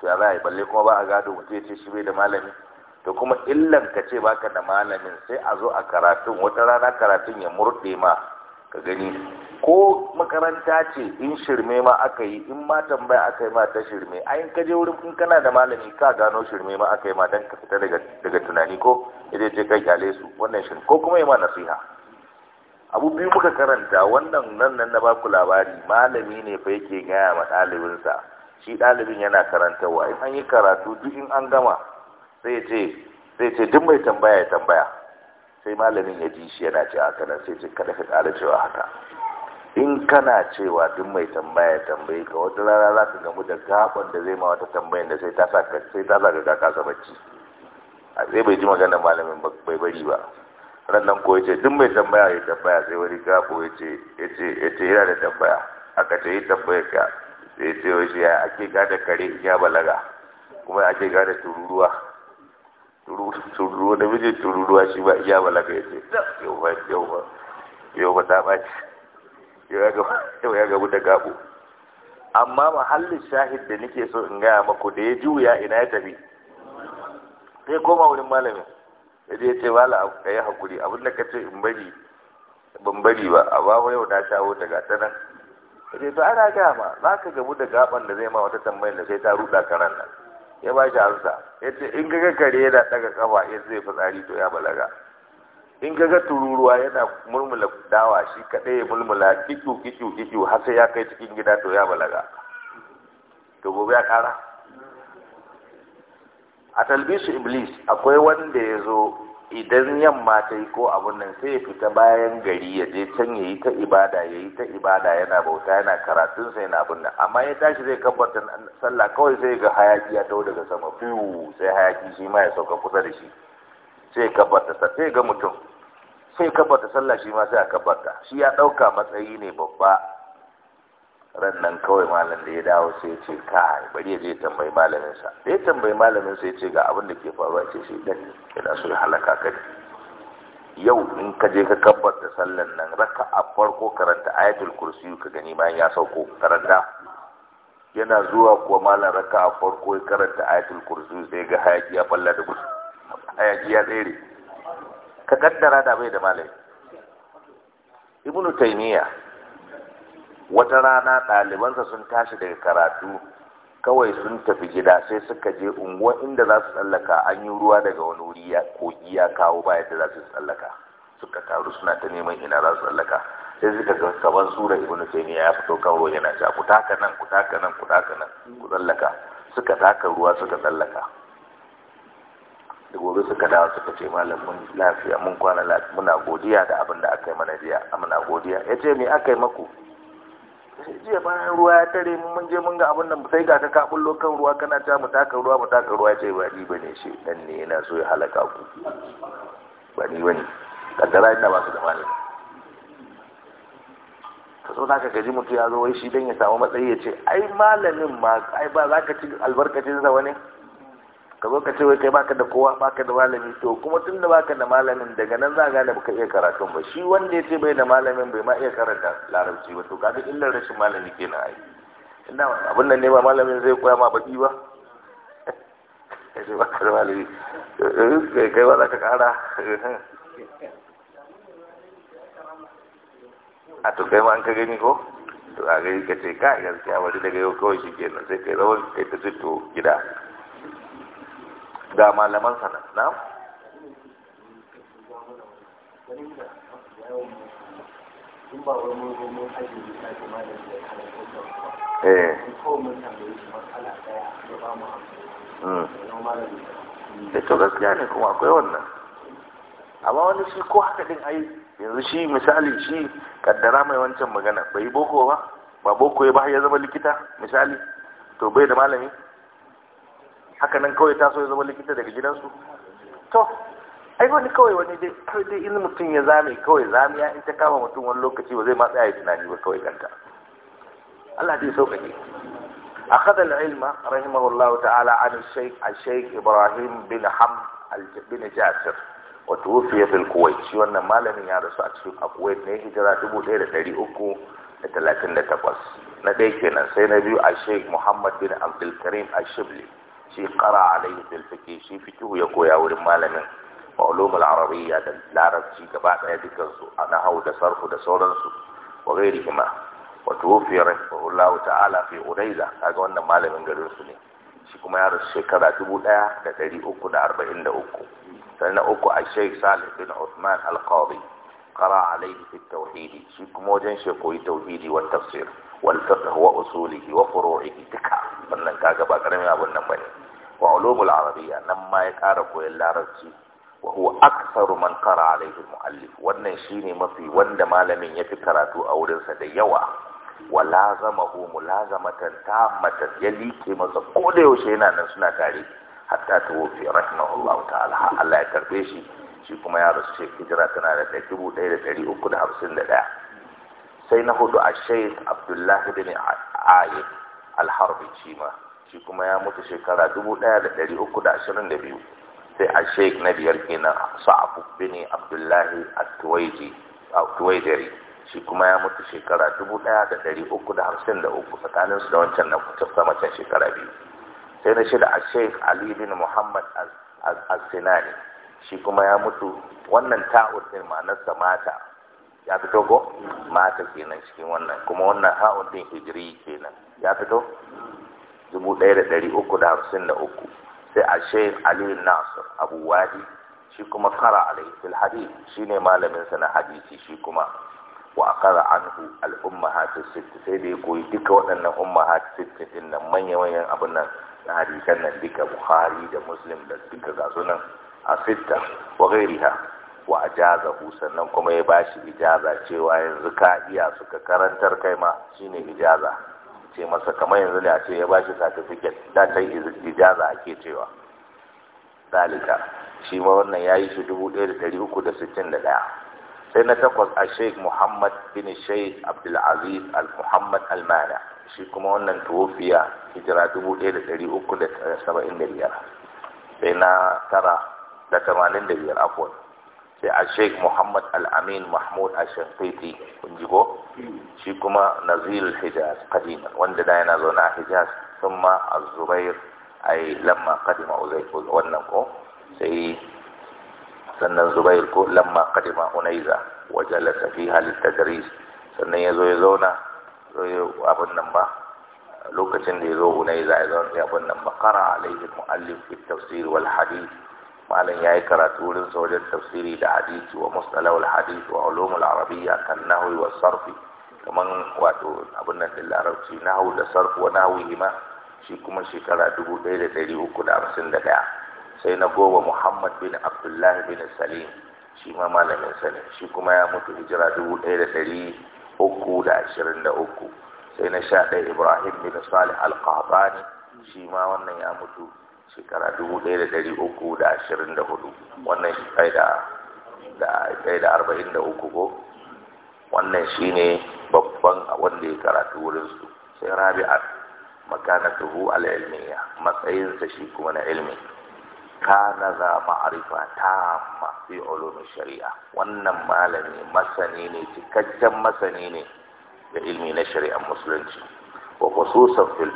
to ya za balle kuma ba a gado mutum ya ce shi bai da malami to kuma illan ka ce baka da malamin sai a zo a karatun wata rana karatun ya murɗe ma ka gani ko makaranta ce in shirme ma aka yi in ma tambaya aka yi ma ta shirme a in ka je wurin in kana da malami ka gano shirme ma aka yi ma dan ka fita daga tunani ko idan ce kai kyale su wannan shirme ko kuma yi ma nasiha abu biyu muka karanta wannan nan nan na baku labari malami ne fa yake gaya ma ɗalibinsa shi ɗalibin yana karantarwa in an yi karatu duk in an gama sai ce sai ce duk mai tambaya ya tambaya sai malamin ya ji shi yana cewa haka nan sai ce kada ka ƙara cewa haka in kana cewa duk mai tambaya ya tambaye ka wata rana za ka gamu da gaban da zai ma wata tambayan da sai ta sa ka sai ta sa ka kasa bacci a sai bai ji maganar malamin bai bari ba rannan ko ya ce duk mai tambaya ya tambaya sai wani gabo ya ce ya ce yana da tambaya aka ce yi tambaya ka sai ya ce wace ya ake gada kare ya balaga kuma ake gada tururuwa tururuwa da mijin tururuwa shi ba ya balaga ya ce yau ba yau ba yau ba ta ɓaci yau ya gabu da gabo amma mahallin shahid da nake so in gaya mako da ya juya ina ya tafi sai koma wurin malamin sai ya ce wala ka yi hakuri abin da ka ce in bari ban bari ba a ba yau na shawo daga ta nan sai to ana gaya ma za ka gabu da gaban da zai ma wata tambayin da sai ta ruɗa karan nan ya ba shi hansa ya ce in ga kare yana ɗaga kafa ya zai fitsari to ya balaga in ga tururuwa yana mulmula dawa shi kaɗai ya mulmula kicu kicu kicu har sai ya kai cikin gida to ya balaga to gobe ya kara a talbisu iblis akwai wanda ya zo idan yamma ta yi ko abun nan sai ya fita bayan gari ya je can ya yi ta ibada ya yi ta ibada yana bauta yana karatun sai yana abun nan amma ya tashi zai kabbata sallah kawai sai ga hayaki ya taho daga sama fiwu sai hayaki shi ma ya sauka kusa da shi sai ya sa sai ga mutum sai kabbata sallah shi ma sai a kabbata shi ya ɗauka matsayi ne babba ran nan kawai malam da ya dawo sai ce kai bari ya je tambayi malamin sa da ya tambayi malamin sa ya ce ga abin da ke faruwa ce shi dan yana so ya halaka ka yau in ka je ka kabbar da sallan nan raka a farko karanta ayatul kursi ka gani bayan ya sauko karanta yana zuwa kuwa malam raka a farko ya karanta ayatul kursi sai ga hayaki ya falla da gusu hayaki ya tsere ka kaddara da bai da malami ibnu taymiya wata rana ɗalibansa sun tashi daga karatu kawai sun tafi gida sai suka je unguwa inda za su tsallaka an yi ruwa daga wani wuri ya kogi ya kawo ba yadda za su tsallaka suka taru suna ta neman ina za su tsallaka sai suka ga kaman sura ibnu taymiya ya fito kawo yana cewa ku taka nan ku taka nan ku taka nan ku tsallaka suka taka ruwa suka tsallaka da gobe suka dawo suka ce malam mun lafiya mun kwana lafiya muna godiya da abin da aka yi mana jiya muna godiya ya ce me aka yi maku jiya bayan ruwa ya tare mun mun je mun ga abin nan sai ga ka ka bullo kan ruwa kana ta mu taka ruwa mu taka ruwa ce ba ni bane shi dan ne yana so ya halaka ku ba ni bane kaddara ina ba su da mali ka zo naka gaji mutu ya zo wai shi dan ya samu matsayi ya ce ai malamin ma ai ba zaka ci albarkacin sa wani ka zo ka ce wai kai baka da kowa baka da malami to kuma tun da baka da malamin daga nan za gane baka iya karatun ba shi wanda ya ce bai da malamin bai ma iya karanta larabci ba to ga illar rashin malami kenan ai ina abin nan ne ba malamin zai koya ma baki ba kai ba ka eh, kai za ka kara a to kai ma an ka gani ko to a yi ka ce ka gaskiya wani daga yau kawai shi kenan sai kai rawar kai ta to gida ga malaman sana na eh da hmm. eh, to gaskiya ne kuma akwai wannan amma wani shi ko haka din ai yanzu shi misali shi kaddara mai wancan magana bai boko ba ba boko ya ba ya zama likita misali to bai da malami haka nan kawai taso ya zama likita daga gidansu to ai kawai wani dai dai in mutum ya zame kawai zame ya in ta kama mutum wani lokaci ba zai ma tsaya tunani ba kawai ganta Allah dai sauƙaƙe akhadha al-ilma rahimahullahu ta'ala an shaykh ash ibrahim bin ham al-bin jasir wa tuwfiya fil kuwait shi wannan malamin ya rasu a cikin a kuwait ne da 1338 na ɗaya kenan sai na biyu a sheikh muhammad bin abdulkarim a shibli shi a alaihi bil shi fiqh ya koya wurin malamin wa ulumul da larabci gaba daya dukansu su na hau da sarfu da sauransu wa ghairihima wa tuwfiya rahimahullahu ta'ala fi udaiza kaga wannan malamin garin su ne shi kuma ya rasu shekara dubu ɗaya da ɗari uku da arba'in da uku sannan uku a sheikh salih bin usman al-qadi الفقراء عليه في التوحيد شي كما وجن شي koyi tauhidi wa tafsir wal fiqh wa usulihi wa furu'ihi duka wannan kaga ba karamin abun nan bane wa ulumul arabiyya nan ma ya ƙara koyon larabci wa huwa aktsaru man qara alayhi al-muallif wannan shine mafi wanda malamin ya fi karatu a wurinsa da yawa wa lazamahu mulazamatan tammatan ya liƙe masa ko da yaushe yana nan suna tare hatta tawfi rahimahullahu ta'ala Allah ya karbe shi shi kuma ya rasu shek hijira tana da dubu ɗaya da ɗari uku da hamsin da ɗaya sai na hudu a sheik abdullahi bin ayin alharbi shi ma shi kuma ya mutu shekara dubu ɗaya da ɗari uku da ashirin da biyu sai a sheik na biyar kenan sa'afu bin abdullahi atuwaidari shi kuma ya mutu shekara dubu ɗaya da ɗari uku da hamsin da uku tsakaninsu da wancan na sama can shekara biyu sai na shida a sheik ali bin muhammad al-sinani shi kuma ya mutu wannan ta'ur din ma'anarsa mata ya fito ko mata kenan cikin wannan kuma wannan ha'ur din hijiri kenan ya fito dubu ɗaya da ɗari uku da hamsin da uku sai a shayin aliyu nasir abu wadi shi kuma kara alaihi fil hadith shi ne sa na hadisi shi kuma wa akara anhu al'umma hatu sitti sai da ya koyi duka waɗannan umma hatu sitti din nan manya-manyan abin nan na hadisan nan duka buhari da muslim da duka ga a asitta wa ghairiha wa a ajazahu sannan kuma ya bashi ijaza cewa yanzu ka iya suka karantar kai ma shine ijaza ce masa kamar yanzu da ce ya bashi certificate da kai ijaza ake cewa dalika shi ma wannan yi shi 1361 sai na takwas a Sheikh Muhammad bin sheik AbdulAziz Al-Muhammad Al-Mana shi kuma wannan tuwofiya hijira 1375 sai na tara da tamanin da biyar afuwan sai a sheik muhammad al-amin mahmud a shankiti kun ji ko shi kuma nazir hijaz kadima wanda da yana zaune a hijaz sun ma a zubair a yi lamma kadima wannan ko sai sannan zubair ko lamma kadima unaiza wajen lasafi halitta garis sannan ya zo ya zauna abin nan ba lokacin da ya zo unaiza ya zauna abin nan ba kara alaihi mu'allif fi tafsir wal hadith malam ya yi karatu wurin saurin tafsiri da hadisi wa mustalawul hadisi wa ulumul arabiyya kan nahwi wa sarfi kamar wato abin nan da larabci nahwu da sarfi wa nahwihi ma shi kuma shekara 1351 sai na goma Muhammad bin Abdullah bin Salim shi ma malamin sa ne shi kuma ya mutu hijira 1323 sai na sha ɗaya Ibrahim bin Salih al-Qahtani shi ma wannan ya mutu shekara dubu ɗaya da ɗari uku da ashirin da hudu wannan shi kai da ɗaya da arba'in da uku ko wannan shi ne babban wanda ya karatu su. sai rabi'ar al al'ilmiya matsayinsa shi kuma na ilmi kana za ma'arifa tamma fi ulumin shari'a wannan malami masani ne cikakken masani ne da ilmi na shari'ar musulunci wa khususan fil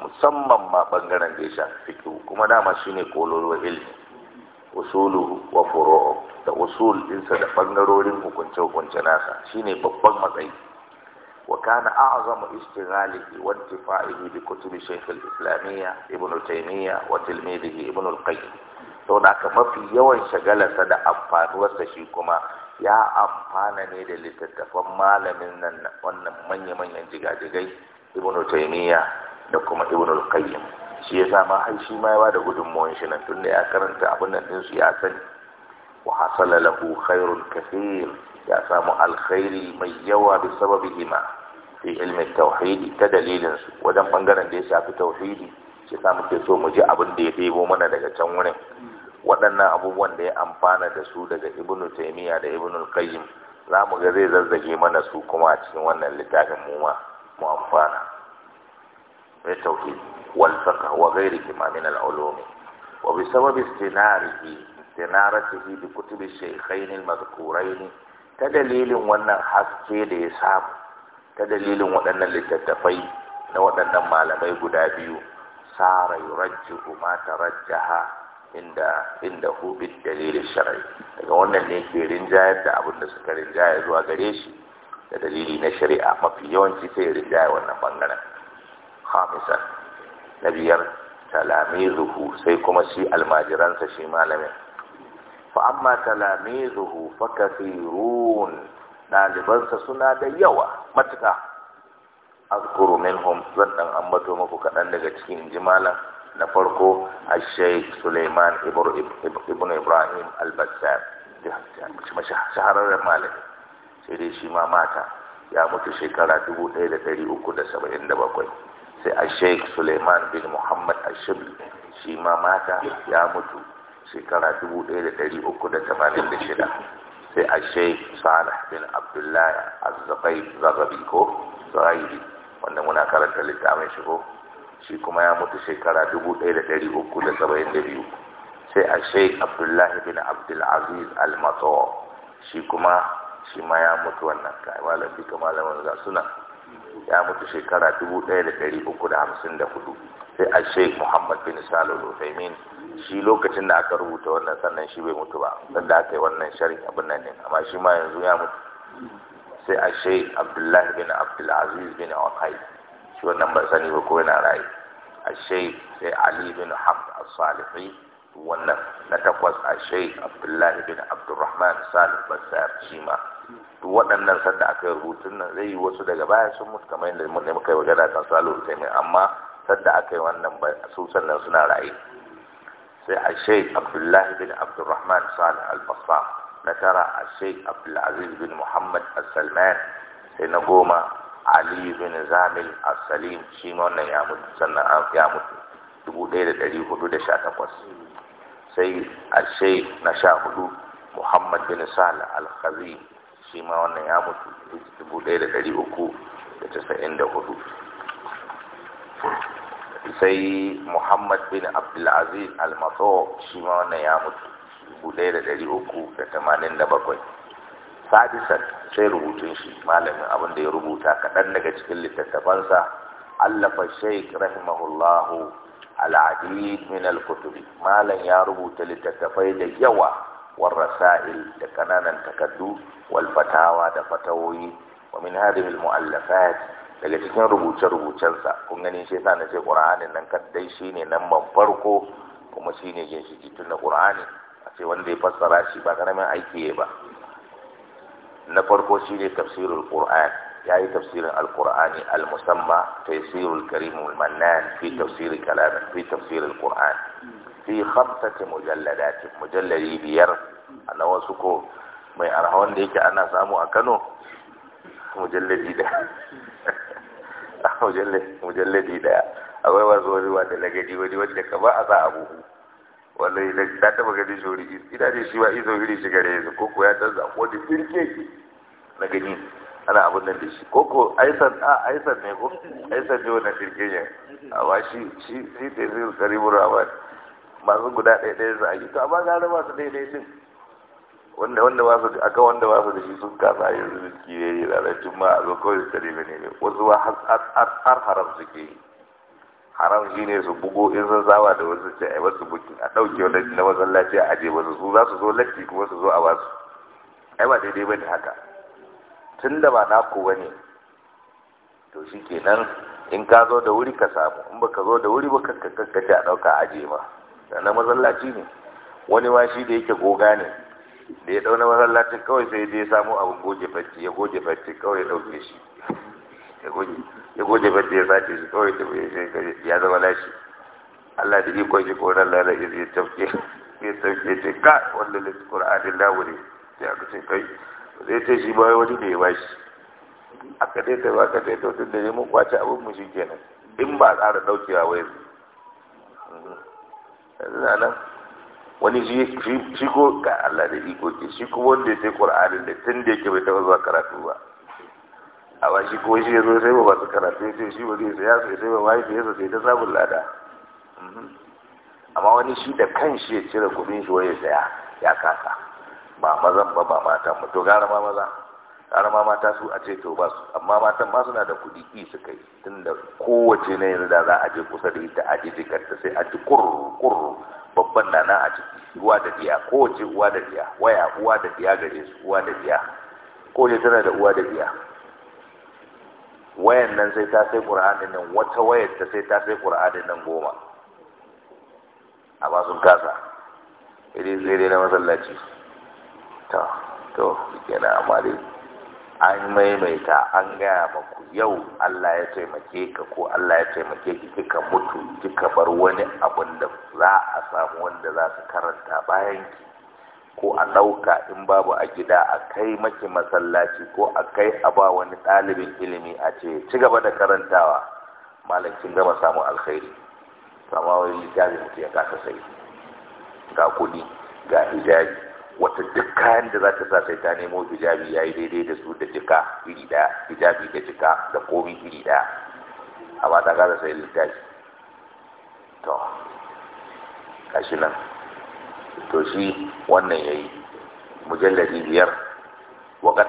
musamman ma bangaren da ya shafi kuma dama shine kololuwar ilmi usulu wa furu'u da usul insa da bangarorin hukunce hukunce nasa shine babban matsayi wa kana a'zamu istighalihi wa intifa'ihi bi kutubi shaykh al-islamiyya ibn taymiyyah wa tilmidihi ibn al-qayyim to da ka mafi yawan shagalarsa da amfanuwarsa shi kuma ya amfana ne da littattafan malamin nan wannan manya-manyan jigajigai ibnu taymiya da kuma Ibn al-qayyim shi yasa ma shi ma ya bada gudunmuwan shi nan tunda ya karanta abin nan din su ya sani wa hasala lahu khairun kathir ya samu alkhairi mai yawa bi sababihima fi ilmi tauhidi ta dalilin su wajen bangaren da ya shafi tauhidi shi sa muke so mu ji abin da ya debo mana daga can wurin waɗannan abubuwan da ya amfana da su daga ibnu taymiya da Ibn al-qayyim za mu ga zai zazzage mana su kuma a cikin wannan littafin mu ma mu amfana mai tauki wal fiqh wa ghayrihima min al ulum wa bi sababi istinarihi istinaratihi bi kutub al ta dalilin wannan haske da ya samu ta dalilin waɗannan littattafai na waɗannan malamai guda biyu sara yurajjihu ma tarajjaha inda inda hu bid dalil daga wannan ne ke rinjayar da abin da suka rinjaya zuwa gare shi da dalili na shari'a mafi yawanci sai rinjaya wannan bangaren hamisa na biyar talamizuhu sai kuma shi almajiransa shi malamin fa amma talamizuhu fa kathirun dalibansa suna da yawa matuka azkuru minhum zan dan ambato muku kaɗan daga cikin jimala na farko a sheikh Suleiman Ibrahim al-Bassam shahararren malamin. sai dai shi ma mata ya mutu shekara 1377 sai a sheik suleiman bin muhammad ashabi shi ma mata ya mutu shekara 1386 sai a sheik salah bin abdullahi azzabai zagabi ko zagabi wanda muna karanta littafin shi ko shi kuma ya mutu shekara 1372 sai a sheik abdullahi bin abdulaziz al-mato shi kuma shi ma ya mutu wannan kai malam ka malaman ga suna ya mutu shekara 1354 sai a muhammad bin salih al shi lokacin da aka rubuta wannan sannan shi bai mutu ba sanda aka yi wannan sharhi abin nan ne amma shi ma yanzu ya mutu sai a sheikh abdullahi bin aziz bin waqai shi wannan ba sani ba ko yana rayu a sai ali bin hafs as-salihi wannan na takwas a sheikh abdullahi bin Abdulrahman salih basar shi ma waɗannan sanda aka kai rubutun nan zai yi wasu daga baya sun mutu kamar yadda mun nemi kai magana kan salo da amma sanda aka yi wannan su sannan suna raye sai a sheik abdullahi bin abdurrahman sani al na tara a sheik abdulaziz bin muhammad al-salman sai na goma ali bin zamil al-salim shi wannan ya mutu sannan ya mutu dubu ɗaya da da ɗari sha takwas, sai a sheik na sha hudu muhammad bin salih al-khazim shi ma wannan ya mutu dubu ɗaya da ɗari uku da tasa'in da hudu sai muhammad bin abdulaziz al-maso shi ma wannan ya mutu dubu ɗaya da ɗari uku da tamanin da bakwai sadisan sai rubutun shi malamin abin da ya rubuta kaɗan daga cikin littattafansa allafa sheik rahimahullahu al'adu min al-kutubi malam ya rubuta littattafai da yawa والرسائل لكنانا تكدو والفتاوى دفتوي ومن هذه المؤلفات daga cikin rubuce-rubucensa kun gani shi sa na ce ƙura'anin nan kaddai shi ne nan ban farko kuma shi ne ginshiki tun na ƙura'ani a ce wanda ya fassara shi ba ƙaramin aiki ba na farko shi ne tafsirul ƙura'an ya yi tafsirin alƙura'ani al-musamma tafsirul karimul mannan fi tafsirin kalamin fi tafsirin ƙura'an fi khamsati mujalladatin mujallari biyar a na wasu ko mai arha wanda yake ana samu a Kano mujalladi da mujalladi da akwai wasu wani wanda lagadi wani wanda ka ba a za a buhu wallahi da ta taba gani shori ina ce shi ba iso iri shi gare yanzu ko ya canza ko da firke na gani ana abin nan da shi ko aisan a aisan ne ko aisan ne wannan firke ne a ba shi shi sai sai sai karibu rahman masu guda ɗaya ɗaya za a yi to amma gara masu daidai din wanda wanda ba su aka wanda ba su da shi sun kasa yanzu da ne, yi rancin ma a zo kawai su tare ne ne wasu ba har haram suke yi haram shi ne su bugo in sun saba da wasu ce a wasu buki a ɗauke wanda na masallaci a ajiye wasu su za su zo latti kuma su zo a basu ai ba daidai ba ne haka tun da ba naku ba ne to shi kenan in ka zo da wuri ka samu in ba ka zo da wuri ba ka kakka a ɗauka a ajiye ma na masallaci ne wani ma shi da yake goga ne da ya dauna masallacin kawai sai dai samu abin goge fatti ya goge fatti kawai ya dauke shi ya goge fatti ya sace shi kawai ya zama lashi Allah da ikon shi ko nan lalai ya tafke ya tafke ce ka wanda lissu Qur'anin lawo ne sai aka ce kai zai ce shi bai wani da ya shi aka dai ta baka dai to tun da ne mun kwace abin mu shi kenan in ba tsara daukewa wai yana wani shi ko ga Allah da iko ke shi ko wanda ya sai Qur'anin da tun da yake bai taɓa zuwa karatu ba a ba shi ko shi ya zo sai ba su karatu ya ce shi ba zai saya sai sai ba wai sai sai ta samun lada mhm. amma wani shi da kan shi ya cire kuɗin shi wai ya saya ya kasa ba mazan ba ba mata mutu gara ma maza karama mata su a ce to ba su amma matan ba suna da kuɗi ki kai, tun tunda kowace na yanzu da za a je kusa da ita a ta sai a ci kurru kurru babban nana a ciki uwa da diya kowace uwa da diya waya uwa da diya gare su uwa da diya kowace tana da uwa da diya wayan nan sai ta sai qur'ani nan wata wayar ta sai ta sai qur'ani nan goma amma sun kasa idan zai na masallaci ta to kenan amma dai an maimaita an gaya maku yau Allah ya taimake ka ko Allah ya taimake ki kika mutu kika bar wani abun da za a samu wanda za su karanta bayan ki ko a ɗauka in babu a gida a kai maki masallaci ko a kai a ba wani ɗalibin ilimi a ce ci gaba da karantawa malam kin gama samun alkhairi sama wani littafi ya kasa sai ga kuɗi ga hijabi wata duk kayan da za ta sa sai ta nemo hijabi ya yi daidai da su da jika iri ɗaya hijabi da jika da komi iri ɗaya a ba ta gaza sai littafi to kashi nan to shi wannan ya yi Mujallari biyar waƙad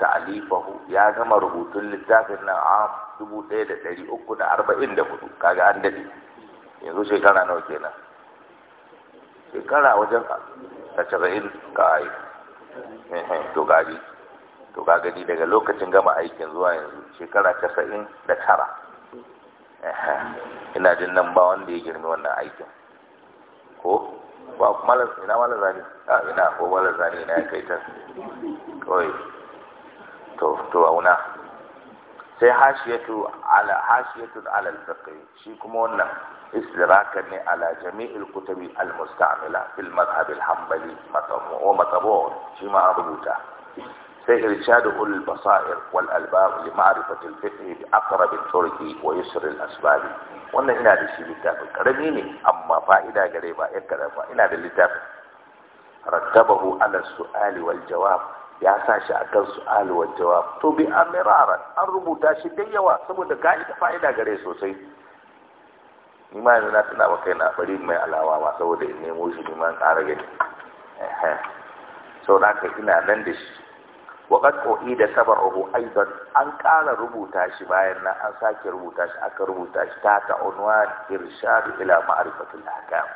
ta alifahu ya gama rubutun littafin nan a dubu ɗaya da uku da arba'in da hudu kaga an dade. yanzu shekara nawa kenan shekara wajen ta casa'in ka ai to gadi to ka daga lokacin gama aikin zuwa yanzu shekara casa'in da tara ina jin nan ba wanda ya girmi wannan aikin ko ba malar ina malar zane a ina ko malar zane ina ya kai ta kawai to to auna sai hashiyatu ala hashiyatu ala al shi kuma wannan istiraka ne ala jami'il kutubi almustamila fil madhhab alhambali matamu wa matabu shi ma rubuta sai irshadu ul basair wal albab li ma'rifati al bi aqrab al wa yusr alasbab wannan ina da shi littafin karami ne amma fa'ida gare ba yan karama ina da littafin rattabahu ala su'ali wal jawab ya sa shi a kan su wa jawab to bi mirara, an rubuta shi da yawa saboda da fa'ida gare sosai ni ma yanzu na tuna wa na bari mai alawa ma saboda in nemo shi ni ma ƙara gani sau ina nan da shi wa qad da sab'ahu aidan an ƙara rubuta shi bayan na an sake rubuta shi aka rubuta shi ta ta unwan irshad ila ma'arifatul ahkam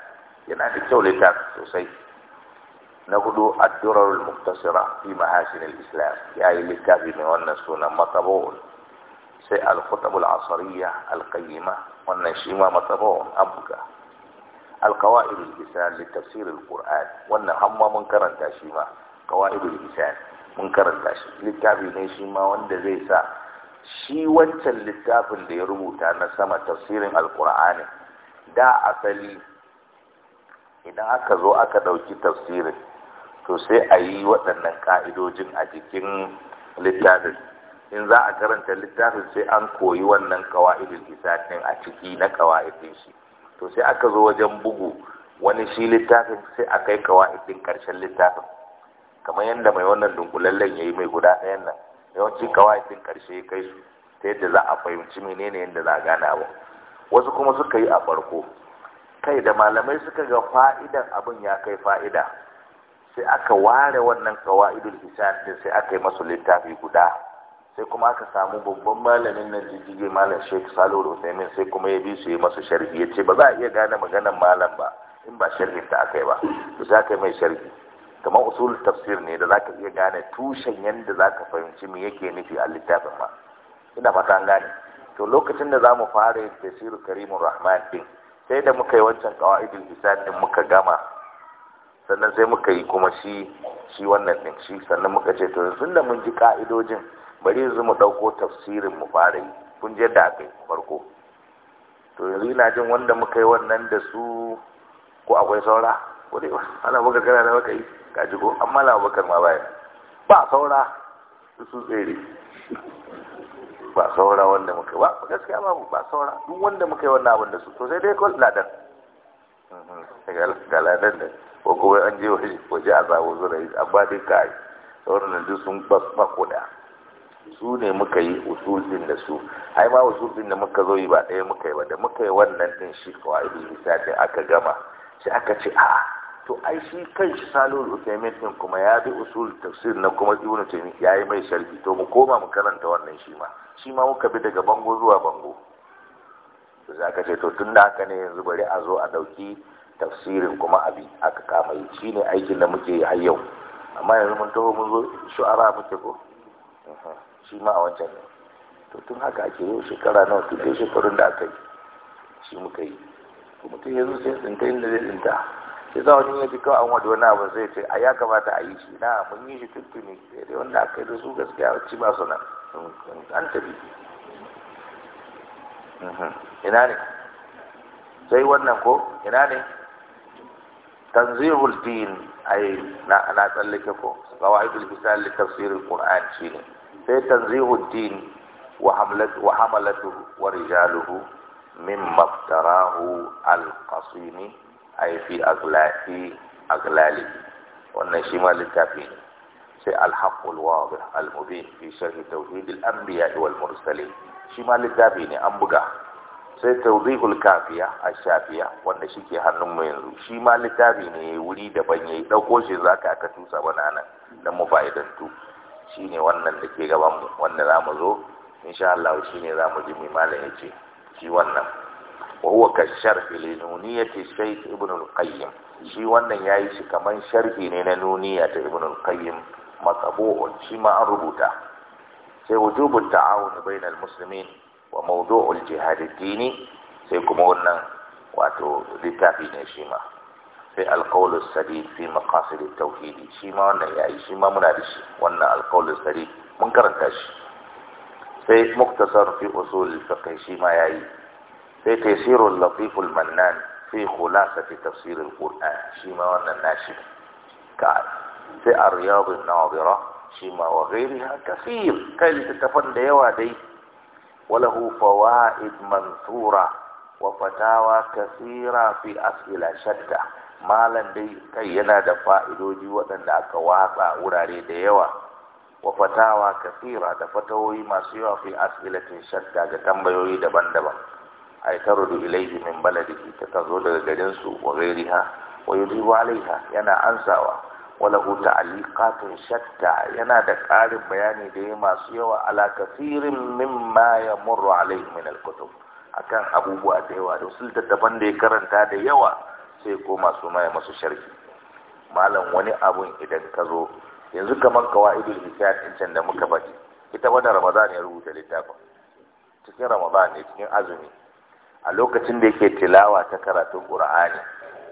yana da kyau littafin sosai na hudu ad-durarul muktasira fi mahasin al-islam yayi littafi mai wannan sunan matabu'un sai al-khutabul asariya al-qayyima wannan shi ma matabu'un abuka al-qawaidul lisan li tafsir al-qur'an wannan hamma mun karanta shi ma qawaidul lisan mun karanta shi littafi ne shi ma wanda zai sa shi wancan littafin da ya rubuta na sama tafsirin al alkur'ani da asali idan aka zo aka ɗauki tafsirin to sai a yi waɗannan ƙa'idojin a jikin littafin in za a karanta littafin sai an koyi wannan ƙawa'idin littafin a ciki na ƙawa'idin shi to sai aka zo wajen bugu wani shi littafin sai a kai ƙawa'idin ƙarshen littafin kamar yadda mai wannan dunkulallen ya yi mai guda ɗayan nan yawanci ƙawa'idin ƙarshe kai su ta yadda za a fahimci menene yadda za a gane abu wasu kuma suka yi a farko kai da malamai suka ga fa'idan abin ya kai fa'ida sai aka ware wannan kawa'idul hisab din sai aka yi masu littafi guda sai kuma aka samu babban malamin nan jijjige malam Sheikh Salihu Usaimin sai kuma ya bi su yi masu sharhi yace ba za a iya gane maganar malam ba in ba sharhin ta aka yi ba to sai aka yi mai sharhi kamar usul tafsir ne da zaka iya gane tushen yanda zaka fahimci me yake nufi a littafin ma ina fata an gane to lokacin da zamu fara tafsirul karimur rahman din sai da muka yi wancan qawaidul hisab din muka gama sannan sai muka yi kuma shi shi wannan din shi sannan muka ce to tun da mun ji ka'idojin bari yanzu mu ɗauko tafsirin mu fara yi kun je da aka farko to yanzu ina jin wanda muka yi wannan da su ko akwai saura ko dai ana baka kana da baka yi ka ji ko amma la bakar ma baya ba saura su tsere ba saura wanda muka ba gaskiya ba ba saura duk wanda muka yi wannan abin da su to sai dai ko ladan ga da ko kuma an je waje a zawo zura yi amma dai ka yi da duk sun bakuda su ne muka yi usulin da su ai ma usulin da muka zo yi ba ɗaya muka yi ba da muka yi wannan din shi kawai da aka gama shi aka ce a'a to ai shi kan shi da usaimin din kuma ya bi usul tafsir na kuma ibnu taymiya yayi mai sharhi to mu koma mu karanta wannan shi ma shi ma muka bi daga bango zuwa bango za ka ce to tun da haka ne yanzu bari a zo a ɗauki tafsirin kuma abi aka kama yi shi ne aikin da muke yi yau amma yanzu mun taho mun zo shu'ara muke ko shi ma a wancan ne to tun haka ake yau shekara nawa tun dai shekarun da aka yi shi muka yi to mutum yanzu sai tsinta inda zai tsinta sai za wani ya ji kawai an wadda wani abu zai ce a ya kamata a yi shi na mun yi shi tuntuni sai dai wanda aka yi da su gaskiya ci ba su nan an tafi ina ne sai wannan ko ina ne tanzihul din ai na na tsallake ko qawaidul misal li tafsir alquran shine sai tanzihul din wa hamlat wa hamalatuhu wa rijaluhu mimma ftarahu alqasimi ai fi aglati aglali wannan shi ma littafi ne sai alhaqqul wadih almubin fi sharh tauhid alanbiya wal mursalin shi ma littafi ne an buga sai tauzihul kafiya a shafiya wanda ke hannun mu yanzu shi ma littafi ne wuri daban yi ɗauko shi ka aka tusa bana nan don mu fa'idantu Shi ne wannan da ke gaban mu wanda mu zo insha Allah za mu ji mai malam ce. shi wannan wa huwa ka sharhi li nuniyati shaykh ibn al-qayyim shi wannan yayi shi kaman sharhi ne na nuniya ta ibn al-qayyim an rubuta sai wujubu ta'awun bainal muslimin wa mawdu'ul jihad dini sai kuma wannan wato littafi ne shi ma sai alqawlu sadid fi maqasid at-tauhid shi ma wannan yayi shi ma muna da shi wannan alqawlu sadid mun karanta shi sai muktasar fi usul al-fiqh shi ma yayi sai tafsirul latif al-mannan fi khulasati tafsir al-qur'an shi ma wannan nashi ka sai ar-riyad an-nadira shi ma wa ghairiha kaseer kai littattafan da yawa dai walahu fawaid mansura wa fatawa kaseera fi as'ila shatta malan dai kai yana da fa'idoji waɗanda aka watsa wurare da yawa wa fatawa kaseera da fatawoyi masu yawa fi as'ilatin shatta ga tambayoyi daban-daban ay tarudu ilaihi min baladihi ta tazo daga garin su wa ghairiha wa yudibu alaiha yana ansawa walahu ta'alliqatun shatta yana da ƙarin bayani da ya masu yawa ala kasirin mimma yamurru min akan abubuwa da yawa da wasu littattafan da ya karanta da yawa sai ko masu maye masu sharhi malam wani abun idan ka zo yanzu kamar kawaidul hisab din can da muka bari ita wannan ramadan ya rubuta littafin cikin ramadan ne cikin azumi a lokacin da yake tilawa ta karatun qur'ani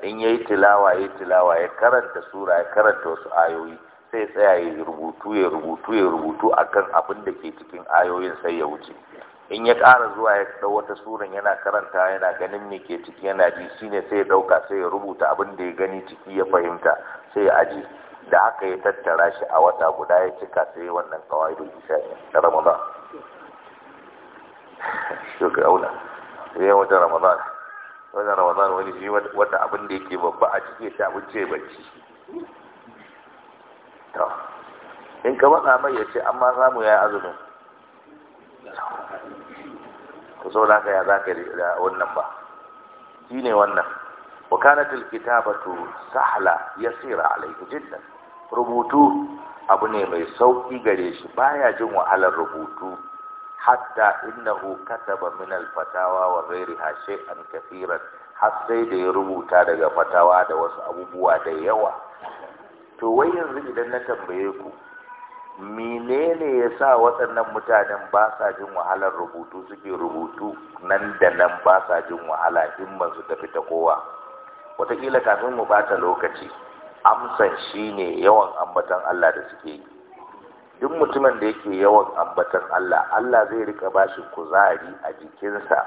in yayi tilawa yayi tilawa ya karanta sura ya karanta wasu ayoyi sai tsaya ya rubutu ya rubutu ya rubutu akan abin da ke cikin ayoyin sai ya wuce in ya ƙara zuwa ya ɗau wata suran yana karanta yana ganin me ke ciki yana ji shine sai ya ɗauka sai ya rubuta abin da ya gani ciki ya fahimta sai ya aji da haka ya tattara shi a wata guda ya cika sai wannan kawaidul isha'i na ramadan shi ga sai wata ramadan wannan ramadan wani shi wata abin da yake babba a cikin shi abin ce bacci to in ka matsa mai ya ce amma samu ya azumin ku so da ya za ka da wannan ba shi ne wannan وكانت kitabatu sahla yasira عليه jiddan rubutu abu ne mai sauƙi gare shi baya jin wahalar rubutu hatta innahu kataba min al-fatawa wa ghayriha shay'an kathiran har sai da ya rubuta daga fatawa da wasu abubuwa da yawa to wai yanzu idan na tambaye ku menene yasa sa waɗannan mutanen ba sa jin wahalar rubutu suke rubutu nan da nan ba sa jin wahala himman su tafi ta kowa wataƙila kafin mu bata lokaci amsan shine yawan ambatan Allah da suke yi duk mutumin da yake yawan ambatan Allah Allah zai rika bashi kuzari a jikinsa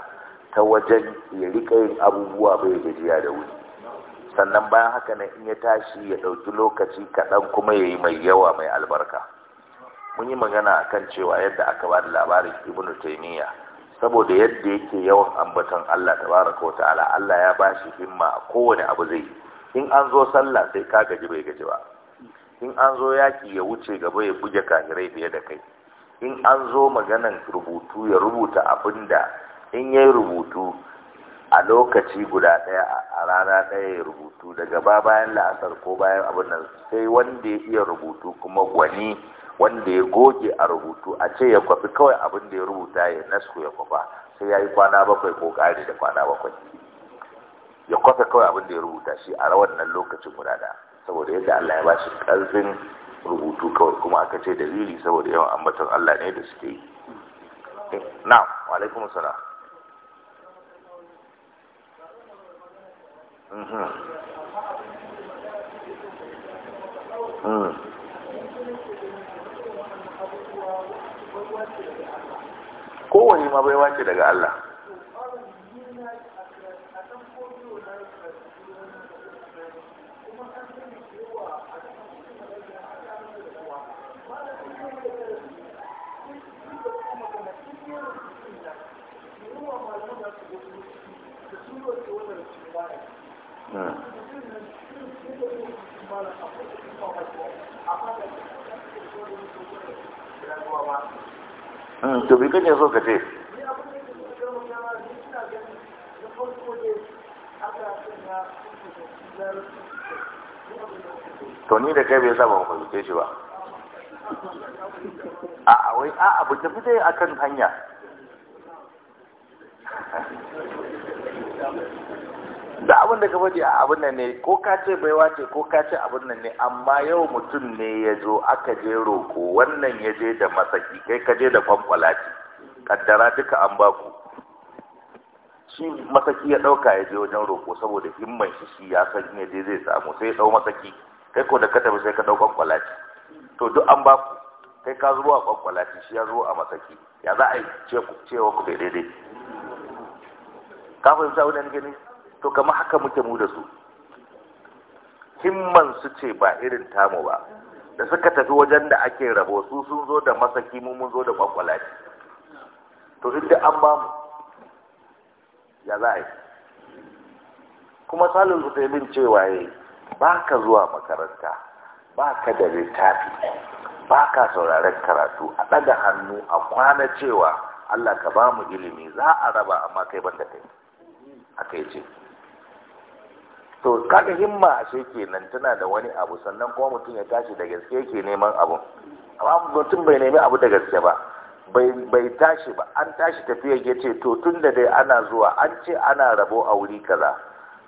ta wajen ya rika yin abubuwa bai gajiya da wuri sannan bayan haka nan in ya tashi ya ɗauki lokaci kaɗan kuma ya yi mai yawa mai albarka mun yi magana a kan cewa yadda aka ba da labarin ibnu taimiyya saboda yadda yake yawan ambatan Allah tabaraka ta'ala Allah ya bashi himma kowane abu zai in an zo sallah sai ka gaji bai gaji ba in an zo yaki ya wuce gaba ya buge kakirai fiye da kai in an zo maganan rubutu ya rubuta abin da in yayi rubutu a lokaci guda ɗaya a rana ɗaya ya rubutu daga ba bayan la'asar ko bayan abin nan sai wanda ya iya rubutu kuma gwani wanda ya goge a rubutu a ce ya kwafi kawai abin da ya rubuta ya nasku ya kwafa sai ya yi kwana bakwai ko ƙari da kwana bakwai ya kwafi kawai abin da ya rubuta shi a rawar nan lokacin guda ɗaya saboda yadda Allah ya ba shi ƙarfin rubutu kawai kuma aka ce dalili saboda yawan ambaton Allah ne da suke yi na wa alaikum salam mm-hmm. mm. kowane ma bai wace daga Allah Hmm. Hmm, to bi kake so ka ce to ni da kai bai sa ba mu shi ba a wai a bu tafi dai akan hanya da abin da ka faɗi a abin nan ne ko ka ce bai wace ko ka ce abin nan ne amma yau mutum ne ya zo aka je roko wannan ya je da masaki kai ka je da kwankwalaci kaddara duka an ba ku shi masaki ya ɗauka ya je wajen roko saboda himman shi shi ya san ne je zai samu sai ya ɗau masaki kai ko da ka tafi sai ka ɗau kwankwalaci to duk an ba ku kai ka zuwa kwankwalaci shi ya zo a masaki ya za a yi cewa ku daidai ka fahimta wani ne to kama haka muke mu da su himman su ce ba irin tamu ba da suka tafi wajen da ake rabo su sun zo da masaki mu mun zo da kwakwalaci to inda an ba mu ya za a yi kuma salin taimin cewa ya yi ba ka zuwa makaranta ba ka da littafi ba ka sauraren karatu a ɗaga hannu a kwana cewa Allah ka ba mu ilimi za a raba amma kai banda kai aka yi ce to kaga himma ashe kenan tana da wani abu sannan kuma mutum ya tashi da gaske yake neman abu amma mutum bai nemi abu da gaske ba bai tashi ba an tashi tafiya ya ce to tun da dai ana zuwa an ce ana rabo a wuri kaza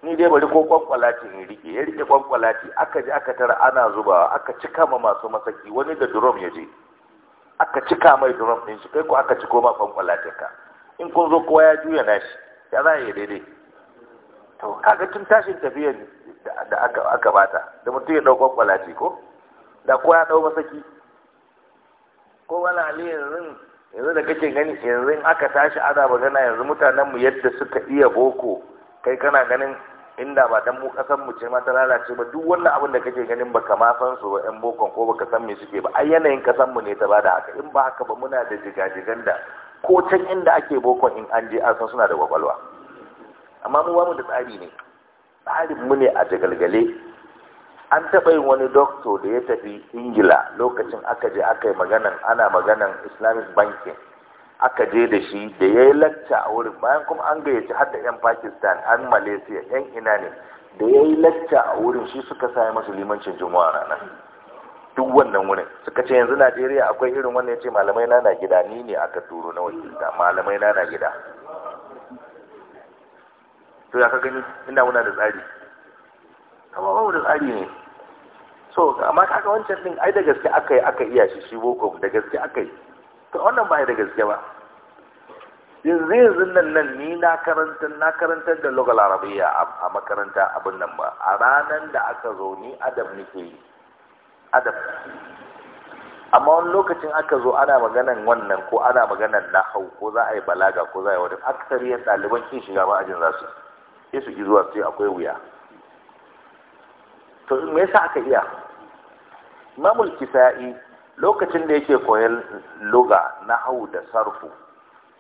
ni dai bari ko kwankwalati ne rike ya rike kwankwalati aka je aka tara ana zubawa aka cika ma masu masaki wani da drum ya je aka cika mai drum din shi kai ko aka ciko ma kwankwalatin ka in kun zo kowa ya juya nashi ya za ya daidai to kaga tun tashin tafiyar da aka bata da mutum ya ɗaukar kwalaci ko da ko ya ɗau masaki ko wani ali yanzu yanzu da kake gani yanzu aka tashi ana magana yanzu mutanen mu yadda suka iya boko kai kana ganin inda ba dan mu kasan mu ce ma ta lalace ba duk wannan abin da kake ganin baka ma san su ba yan bokon ko baka san me suke ba ai yanayin kasan mu ne ta bada haka in ba haka ba muna da jigajigan da ko can inda ake bokon in an je an san suna da kwakwalwa amma mu bamu da tsari ne tsarin mu ne a jagalgale an taɓa yin wani dokto da ya tafi ingila lokacin aka je aka yi maganan ana maganan islamic banking aka je da shi da ya yi lacca a wurin bayan kuma an gayyaci har da 'yan pakistan an malaysia 'yan ina ne da ya yi lacca a wurin shi suka sa masu limancin juma'a rana duk wannan wurin suka ce yanzu najeriya akwai irin wannan ya ce malamai na na gida ni ne aka turo na wakilta malamai na na gida to ya ka gani inda muna da tsari amma ba mu da tsari ne so amma ga wancan din ai da gaske aka yi aka iya shi shi boko da gaske aka yi to wannan ba da gaske ba yanzu yanzu nan nan ni na karantar na karantar da lugal arabiya a makaranta abin nan ba a ranar da aka zo ni adab nake yi adab amma wani lokacin aka zo ana maganan wannan ko ana maganan nahau ko za a yi balaga ko za a yi wani aksariyar ɗaliban kin shiga ma'ajin za su yi sai su ki zuwa sai akwai wuya to me yasa aka iya mamul kisa'i lokacin da yake koyan luga na hau da sarfu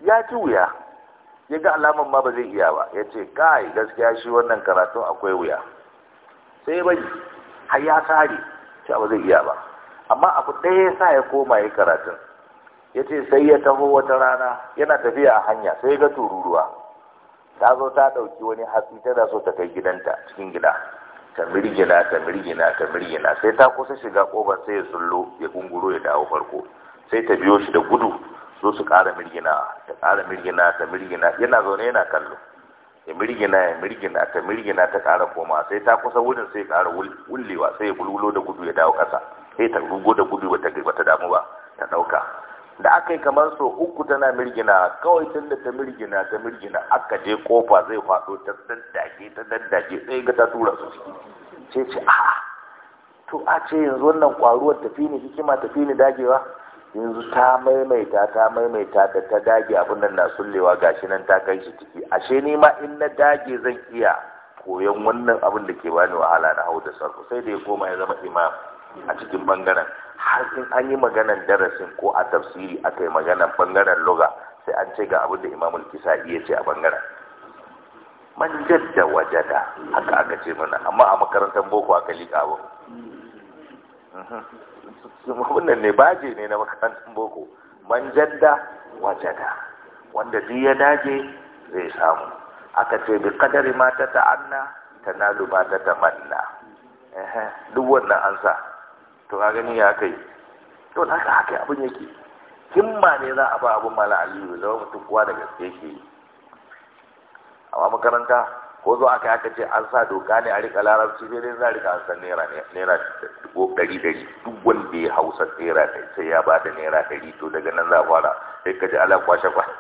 ya ji wuya ya ga alaman ma ba zai iya ba ya ce kai gaskiya shi wannan karatun akwai wuya sai bai har ya tsari shi ba zai iya ba amma abu ɗaya ya sa ya koma ya karatun ya ce sai ya taho wata rana yana tafiya a hanya sai ga tururuwa ta zo ta ɗauki wani hatsi ta da so ta kai gidanta cikin gida ta mirgina ta mirgina ta mirgina sai ta kusa shiga ƙofar sai ya sullo ya gunguro ya dawo farko sai ta biyo shi da gudu so su ƙara mirgina ta ƙara mirgina ta mirgina yana zaune yana kallo ya mirgina ya mirgina ta mirgina ta ƙara koma sai ta kusa wurin sai ya ƙara wullewa sai ya bulbulo da gudu ya dawo ƙasa sai ta rugo da gudu bata damu ba ta ɗauka da aka yi kamar so uku tana mirgina kawai tun da ta mirgina ta mirgina aka je kofa zai faɗo ta daddage ta daddage sai ga ta tura su ciki ce ce a to a ce yanzu wannan kwaruwar tafi ne hikima tafi ne dagewa yanzu ta maimaita ta maimaita da ta dage abin nan na sullewa gashi nan ta kai shi ciki ashe ni ma in na dage zan iya koyon wannan abin da ke bani wahala na hau da sarko sai da ya koma ya zama imam a cikin bangaren har in an yi maganan darasin ko a tafsiri aka yi maganan bangaren loga sai an ce ga abin da imamul kisa iya ce a bangaren man jadda wajada haka aka ce mana amma a makarantar boko aka liƙa ba mhm. wannan ne baje ne na makarantar boko man jadda wajada wanda zai ya dage zai samu aka ce bi kadari mata ta ta'anna tanalu ma ta tamanna duk wannan an sa to ka gani ya kai to na haka haka abin yake himma ne za a ba abin mala aliyu zama mutum kuwa da gaske ke yi amma makaranta ko zo aka aka ce an sa doka ne a rika larabci sai dai za a rika an san naira naira ɗari ɗari duk wanda ya hausa naira sai ya ba da naira ɗari to daga nan za a fara sai ka ji ala kwashe kwashe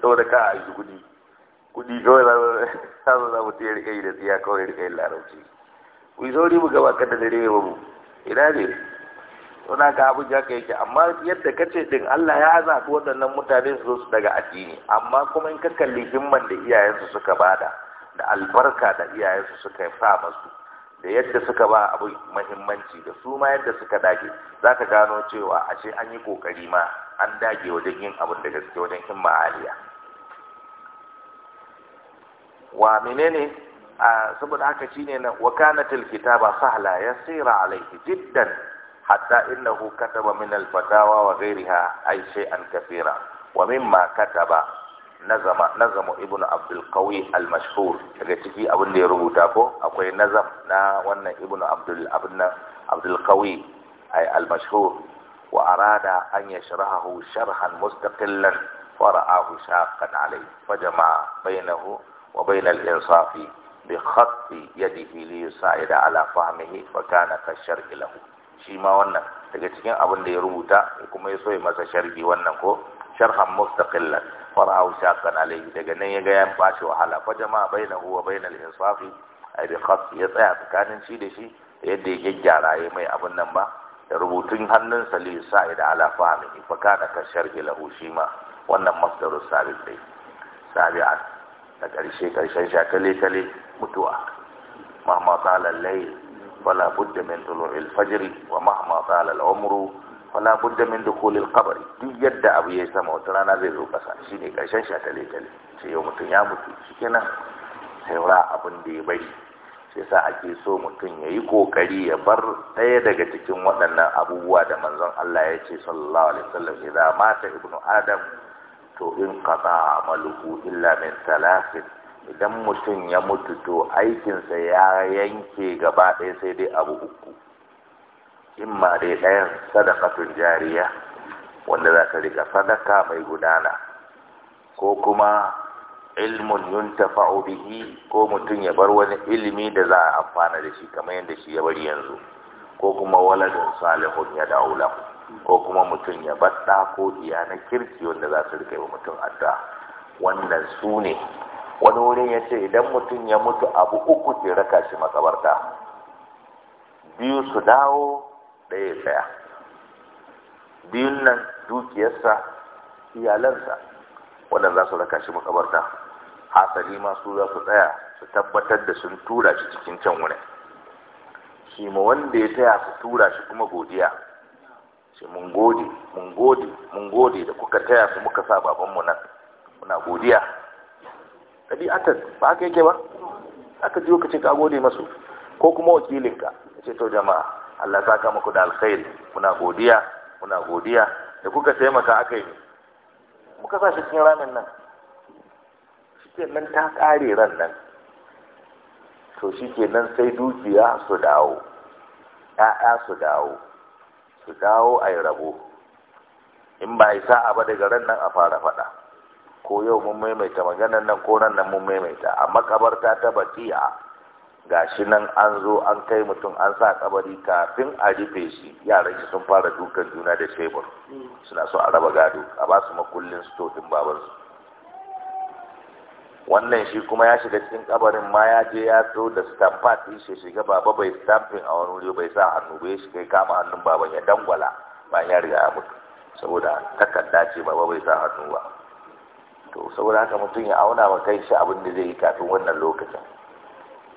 saboda ka aiki yi kuɗi kuɗi kawai za mu tsaye rika yi da tsiya kawai rika larauci. larabci ku yi sauri mu gaba da dare ba babu ina ne suna ka abin ya ka yake amma yadda ka ce din Allah ya zaɓi waɗannan mutane su zo su daga addini amma kuma in ka kalli himman da iyayensu suka bada da albarka da iyayensu suka sa masu da yadda suka ba abu mahimmanci da su ma yadda suka dage za ka gano cewa ashe an yi kokari ma an dage wajen yin abin da gaske wajen himma aliya wa menene saboda haka shine na wa kanat alkitaba sahla yasira alayhi jiddan hatta innahu kataba min al-fatawa wa ghayriha ay shay'an kathira wa mimma kataba nazama nazamu ibnu abdul qawi al mashhur daga ciki abin da ya rubuta ko akwai nazam na wannan ibnu abdul abna abdul qawi ay al mashhur wa arada an yashrahahu sharhan mustaqillan فرآه شاقا عليه فجمع بينه وبين الإنصاف بخط يده ليساعد على فهمه فكان shargi له shi ma wannan daga cikin abin da ya rubuta kuma ya so ya masa shargi wannan ko sharhan mustaqillan farahu shaqan alayhi daga nan ya ga ya bashi wahala fa jama'a bainahu wa bainal insafi ay bi khas ya tsaya tsakanin shi da shi yadda ya gyaggyara ya mai abin nan ba da rubutun hannun sa li sa'ida ala fahmihi fa kana ka sharhi lahu shi ma wannan masdarus sabit dai sabi'an da karshe karshen shakale kale mutuwa mahma tsala lai fala budda min tulu'il wa mahma tsala al'umru fala budda min dukhulil duk yadda abu yi sama wata rana zai zo kasa shine karshen sha tale sai yau mutum ya mutu shikenan sai ra abin da ya bari sai sa ake so mutum ya yi kokari ya bar ɗaya daga cikin waɗannan abubuwa da manzon Allah ya ce sallallahu alaihi wasallam idan mata ibnu adam to in qata amaluhu illa min salasin idan mutum ya mutu to aikinsa ya yanke gaba ɗaya sai dai abu uku In ma dai ɗayan sadakatun jariya wanda za ka riga sadaka mai gudana ko kuma ilmun yuntafa'u bihi ko mutum ya bar wani ilimi da za a amfana da shi kamar yadda shi ya bar yanzu ko kuma waladun salihun ya dawo lahu ko kuma mutum ya bar ko iya na kirki wanda za su rike wa mutum addu'a wannan su ne wani wurin ya ce idan mutum ya mutu abu uku ke raka shi makabarta biyu su dawo ɗaya ya tsaya biyun nan dukiyarsa iyalansa wannan za su raka shi makabarta hasali ma su za su tsaya su tabbatar da sun tura shi cikin can wurin shi ma wanda ya taya su tura shi kuma godiya shi mun gode mun gode mun gode da kuka taya su muka sa babanmu nan muna godiya ɗabi'atar ba haka yake ba aka ji lokacin ka gode masu ko kuma wakilinka ya ce to jama'a Allah saka muku da alkhairi muna godiya muna godiya da kuka taimaka aka yi muka sa shi cikin ramin nan shi nan ta ƙare ran nan to shi nan sai dukiya su dawo ‘ya'ya su dawo su dawo a yi rabo in ba yi sa'a ba daga ran nan a fara faɗa ko yau mun maimaita maganar nan ko nan mun maimaita a makabarta ta batiya shi nan an zo an kai mutum an sa kabari kafin a rufe shi yaran shi sun fara dukan juna da shebur suna so a raba gado a ba su makullin suto din babansu wannan shi kuma ya shiga cikin kabarin ma ya je ya so da stampat din shi shiga baba bai stamping a wani wuri bai sa hannu bai shi kai kama hannun baban ya dangwala bayan ya riga ya mutu saboda takarda ce baba bai sa hannu ba to saboda haka mutum ya auna wa kai shi abin da zai yi kafin wannan lokacin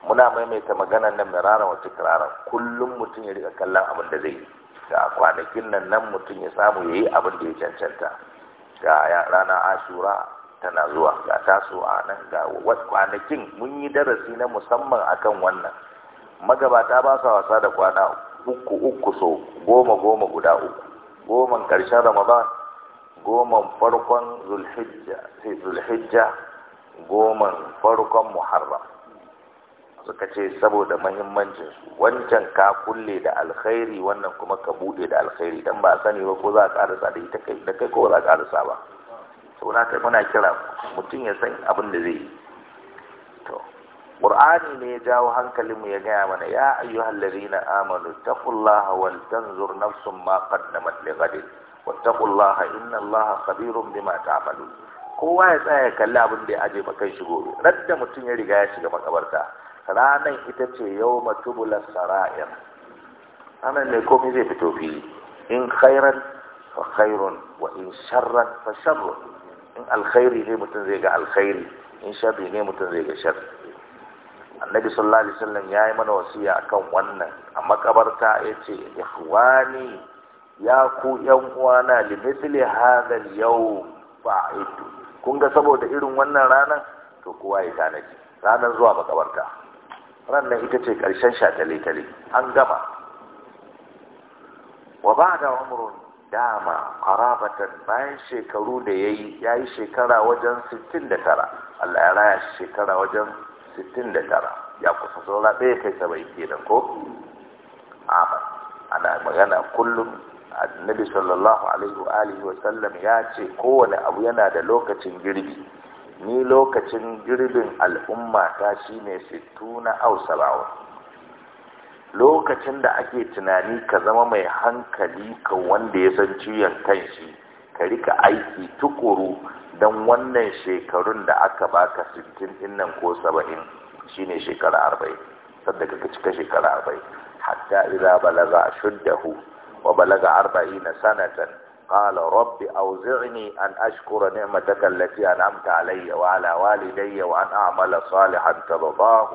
muna maimaita maganar nan miraran wa tikraran kullum mutum ya rika kallon abin da zai yi ga kwanakin nan nan mutum ya samu ya yi abin da ya cancanta ga rana ashura tana zuwa ga taso a nan ga kwanakin mun yi darasi na musamman akan wannan magabata ba sa wasa da kwana uku uku so goma goma guda uku goman karshen ramadan goman farkon zulhijja eh, goman farkon muharram suka ce saboda mahimmancin su wancan ka kulle da alkhairi wannan kuma ka bude da alkhairi dan ba sani ba ko za a karasa da ita kai da kai ko za a karasa ba to na kai muna kira mutum ya san abin da zai yi to qur'ani ne ya jawo hankalin mu ya gaya mana ya ayyuhallazina amanu taqullaha wal tanzur nafsum ma qaddamat ghadin wattaqu Allah inna Allah khabirun bima kowa ya tsaya ya kalli abin da ya aje ma kan shi gobe radda mutum ya riga ya shiga makabarta ranan ita ce yawma tubula sara'ir ranan ne komai zai fito fili in khairan fa khairun wa in sharran fa sharrun in alkhairi ne mutum zai ga alkhairi in sharri ne mutum zai ga sharri annabi sallallahu alaihi wasallam ya yi mana wasiya akan wannan a makabarta ya ce ikhwani ya ku yan uwana li misli hadha al-yawm fa'idu kun ga saboda irin wannan ranar to kowa ya tanaji ranar zuwa makabarta ranan ita ce karshen tale an gama wa ba'da umrun dama qarabatan bayan shekaru da yayi yayi shekara wajen 69 Allah ya raya shekara wajen 69 ya kusa saura ɗaya kai 70 kenan ko a ana magana kullum annabi sallallahu alaihi wa alihi wa sallam ya ce kowane abu yana da lokacin girbi ni lokacin girbin al'umma ta shine sittu na sab'un lokacin da ake tunani ka zama mai hankali ka wanda ya san ciyon kanshi ka rika aiki tukuru don wannan shekarun da aka baka sittin dinnan ko saba'in shine shekara arba'in sadda ka cika shekara arba'in hatta idza balaga ashuddahu وبلغ أربعين سنة قال رب أوزعني أن أشكر نعمتك التي أنعمت علي وعلى والدي وأن أعمل صالحا ترضاه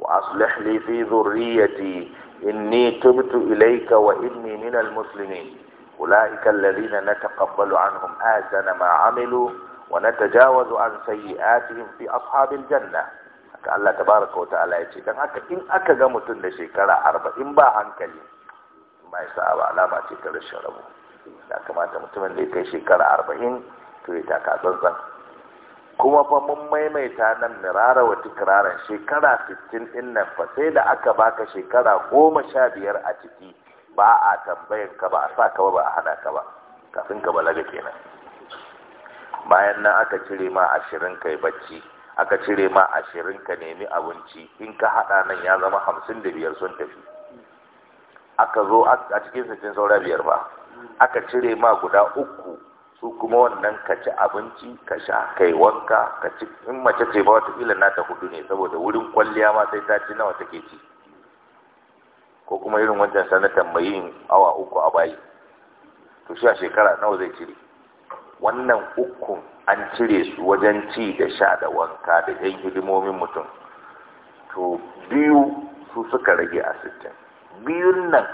وأصلح لي في ذريتي إني تبت إليك وإني من المسلمين أولئك الذين نتقبل عنهم أحسن ما عملوا ونتجاوز عن سيئاتهم في أصحاب الجنة الله تبارك وتعالى يقول إن أكا جمت لشيكرا أربع إن با عنكلي ba ya sa'a ba alama ce ta rashin rabo ya kamata mutumin da ya kai shekara arba'in to ya taka zanzan kuma fa mun maimaita nan mirara wa tikiraran shekara sittin din nan fa sai da aka baka shekara goma sha biyar a ciki ba a tambayan ka ba a sa ka ba ba a hana ka ba kafin ka balaga kenan bayan nan aka cire ma ashirin kai bacci aka cire ma ashirin ka nemi abinci in ka haɗa nan ya zama hamsin da biyar sun tafi aka zo a cikin sittin saura biyar ba aka cire ma guda uku su kuma wannan ka ci abinci ka sha kai wanka ka ci in mace ce ba watakila nata hudu ne saboda wurin kwalliya ma sai ta ci nawa take ci ko kuma irin wancan sanatan mai yin awa uku a bayi to shi a shekara nawa zai cire wannan ukun an cire su wajen ci da sha da wanka da yan hidimomin mutum to biyu su suka rage a sittin biyun nan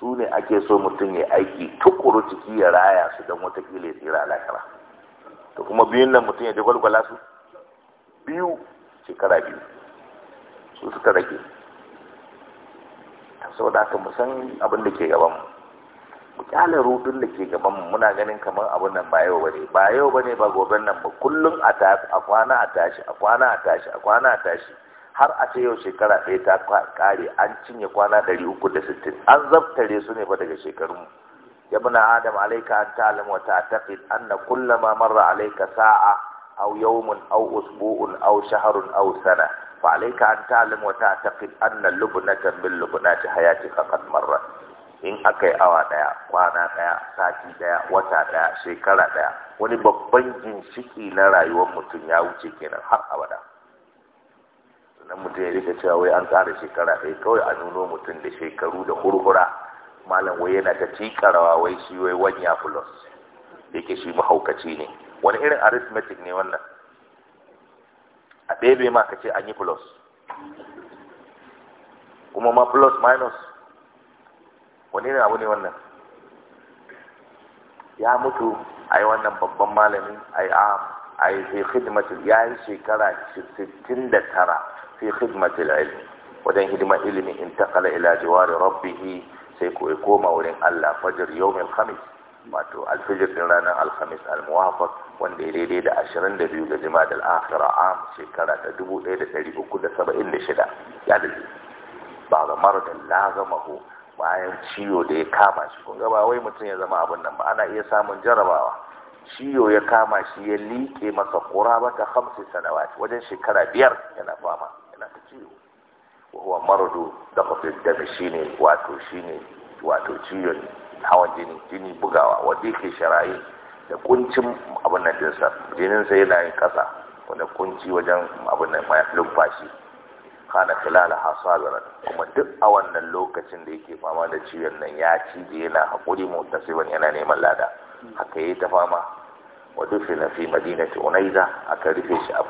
su ne ake so mutum ya aiki tukuru ciki ya raya su don watakila ya tsira alakara to kuma biyun nan mutum ya ji gwalgwala su biyu shekara biyu su suka rage saboda haka mu san abin da ke gabanmu mu kyale rudun da ke gabanmu muna ganin kamar abin nan ba yau bane ba yau bane ba goben nan ba kullum a kwana a tashi a kwana a tashi a kwana a tashi har a ce yau shekara ɗaya ta ƙare an cinye kwana ɗari uku da sittin an zaftare su ne ba daga shekarun ya muna adam alaika an ta'alim wa na kulla ma marra alaika sa'a aw yawmun usbu'un au shaharun au sana fa alaika an ta'alim wa ta'taqid na lubnata min lubnati hayatika qad marra in aka yi awa ɗaya kwana ɗaya sati ɗaya wata ɗaya shekara ɗaya wani babban ginshiki na rayuwar mutum ya wuce kenan har abada sannan mutum ya rika cewa wai an tsara shekara ɗaya kawai a nuno mutum da shekaru da hurhura malam wai yana ta cikarawa wai shi wai wani wanya plus yake shi mahaukaci ne wani irin arithmetic ne wannan a ɗebe ma ka ce an yi plus kuma ma plus minus wani irin abu ne wannan ya mutu a yi wannan babban malami a yi a a yi fi khidmatul ya yi shekara 69 fi khidmatul ilmi wajen hidimar ilimi in takala ila jiwari rabbihi sai ko ya koma wurin Allah fajr yawmin khamis wato alfijir din ranar alhamis almuwafaq wanda ya daidai da 22 ga jimadal akhira am shekara ta 1376 ya dace ba ga maradin lazamahu bayan ciwo da ya kama shi kun ga ba wai mutum ya zama abin nan ba ana iya samun jarabawa ciwo ya kama shi ya liƙe masa ta khamsi sanawat wajen shekara biyar yana fama yana ta ciwo wa da da qasid dami ne wato ne wato hawan jini jini bugawa wadda yake shara'i da kuncin abin nan dinsa jinin sai yana yin kasa wanda kunci wajen abin nan lumfashi kana filala hasabiran kuma duk a wannan lokacin da yake fama da ciwon nan ya cije yana haƙuri mu mutasiban yana neman lada aka yi ta fama wato fi na fi madina ta unaiza aka rufe shi a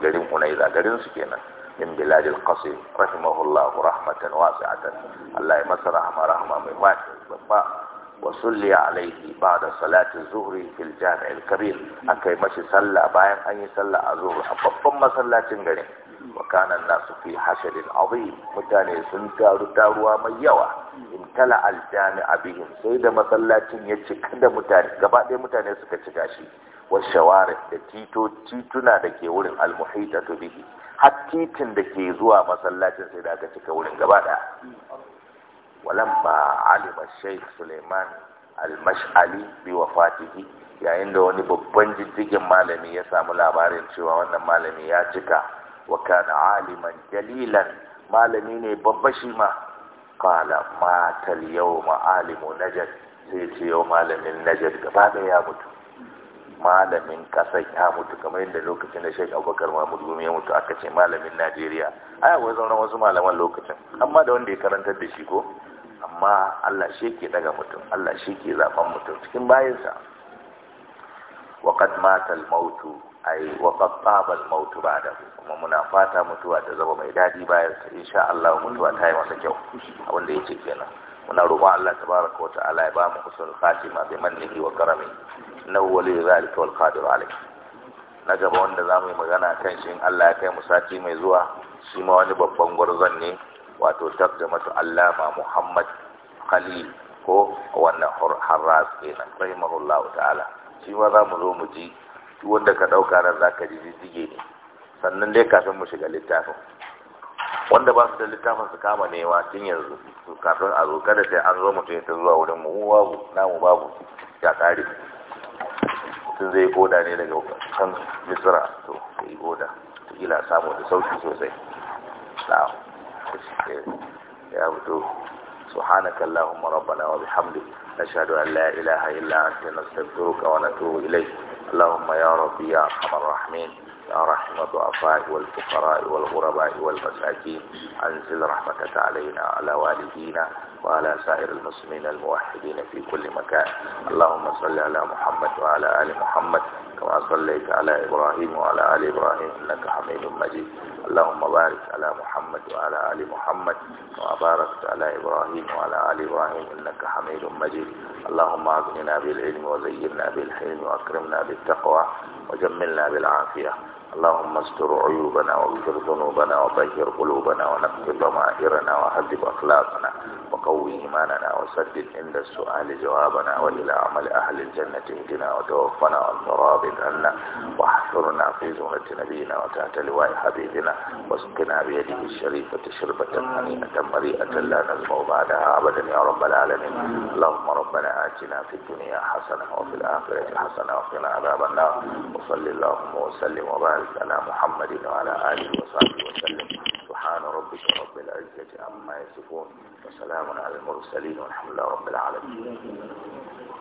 garin unaiza garin su kenan min biladil qasi rahimahullahu rahmatan wasi'atan Allah ya masa rahma-rahma. mai mai babba wa ba da ba'da salati zuhri fil jami'il kabir akai mashi sallah bayan an yi sallah a zuhri a babban masallacin garin makanan na su fi hasharin abu mutane sun taru taruwa mai yawa in tala aljami a biyun sai da matsalacin ya ci kada mutane gabaɗe mutane suka cika shi. wani shawarar da tito tituna da ke wurin almuhai da tobi har titin da ke zuwa masallacin sai da aka cika wurin gabaɗa walan ba alibar sheik suleiman almashali biwa fatihi yayin da wani babban jijjigin malami ya samu labarin cewa wannan malami ya cika wa kana aliman jalilan malami ne babba shi ma qala matal yau alimu najd sai ce yau malamin najd gaba da ya mutu malamin kasar ya mutu kamar yadda lokacin da shek Abubakar Mahmud Gumi ya mutu aka ce malamin Najeriya ai wai zauna wasu malaman lokacin amma da wanda ya karantar da shi ko amma Allah shi ke daga mutum Allah shi ke zaben mutum cikin bayansa waqad mata mautu ai wa qattabal mautu ba da kuma muna fata mutuwa ta zama mai dadi bayan sa insha Allah mutuwa ta yi masa kyau abin da yake kenan muna roƙon Allah tabaraka wa ta'ala ya ba mu husnul khatima bi mannihi wa karami na wali zalika wal qadir alayhi na gaba wanda zamu yi magana kan shi in Allah ya kai mu sati mai zuwa shi ma wani babban gwarzon ne wato tarjamatu Allama Muhammad Khalil ko wannan Harras kenan rahimahullahu ta'ala shi ma zamu zo mu ji duk wanda ka ɗauka nan za ka jijjige ne sannan dai kafin mu shiga littafin wanda ba su da littafin su kama nema tun yanzu kafin a zo kada sai an zo mutum ya ta zuwa wurin mu babu namu babu ya kare mutum zai koda ne daga kan misira to ya yi koda ta ila samu da sauki sosai ya fito subhanakallahumma rabbana wa bihamdika نشهد أن لا إله إلا أنت نستغفرك ونتوب إليك اللهم يا ربي يا أرحم الراحمين يا رحم الضعفاء والفقراء والغرباء والمساكين أنزل رحمتك علينا وعلى والدينا وعلى سائر المسلمين الموحدين في كل مكان اللهم صل على محمد وعلى آل محمد كما صليت على إبراهيم وعلى آل إبراهيم إنك حميد مجيد اللهم بارك على محمد وعلى آل محمد كما باركت على إبراهيم وعلى آل إبراهيم إنك حميد مجيد اللهم أغننا بالعلم وزينا بالحلم وأكرمنا بالتقوى وجملنا بالعافية اللهم استر عيوبنا واغفر ذنوبنا وطهر قلوبنا ونقض ضمائرنا وهذب أخلاقنا وقوي إيماننا وسدد عند السؤال جوابنا وإلى عمل أهل الجنة اهدنا وتوفنا وانت راض عنا واحشرنا في زمرة نبينا وتحت لواء حبيبنا واسقنا بيده الشريفة شربة حنينة مريئة لا نزمع بعدها أبدا يا رب العالمين اللهم ربنا آتنا في الدنيا حسنة وفي الآخرة حسنة وقنا عذاب النار وصل اللهم وسلم وبارك وبارك على محمد وعلى آله وصحبه وسلم سبحان ربك رب العزة عما يصفون وسلام على المرسلين والحمد لله رب العالمين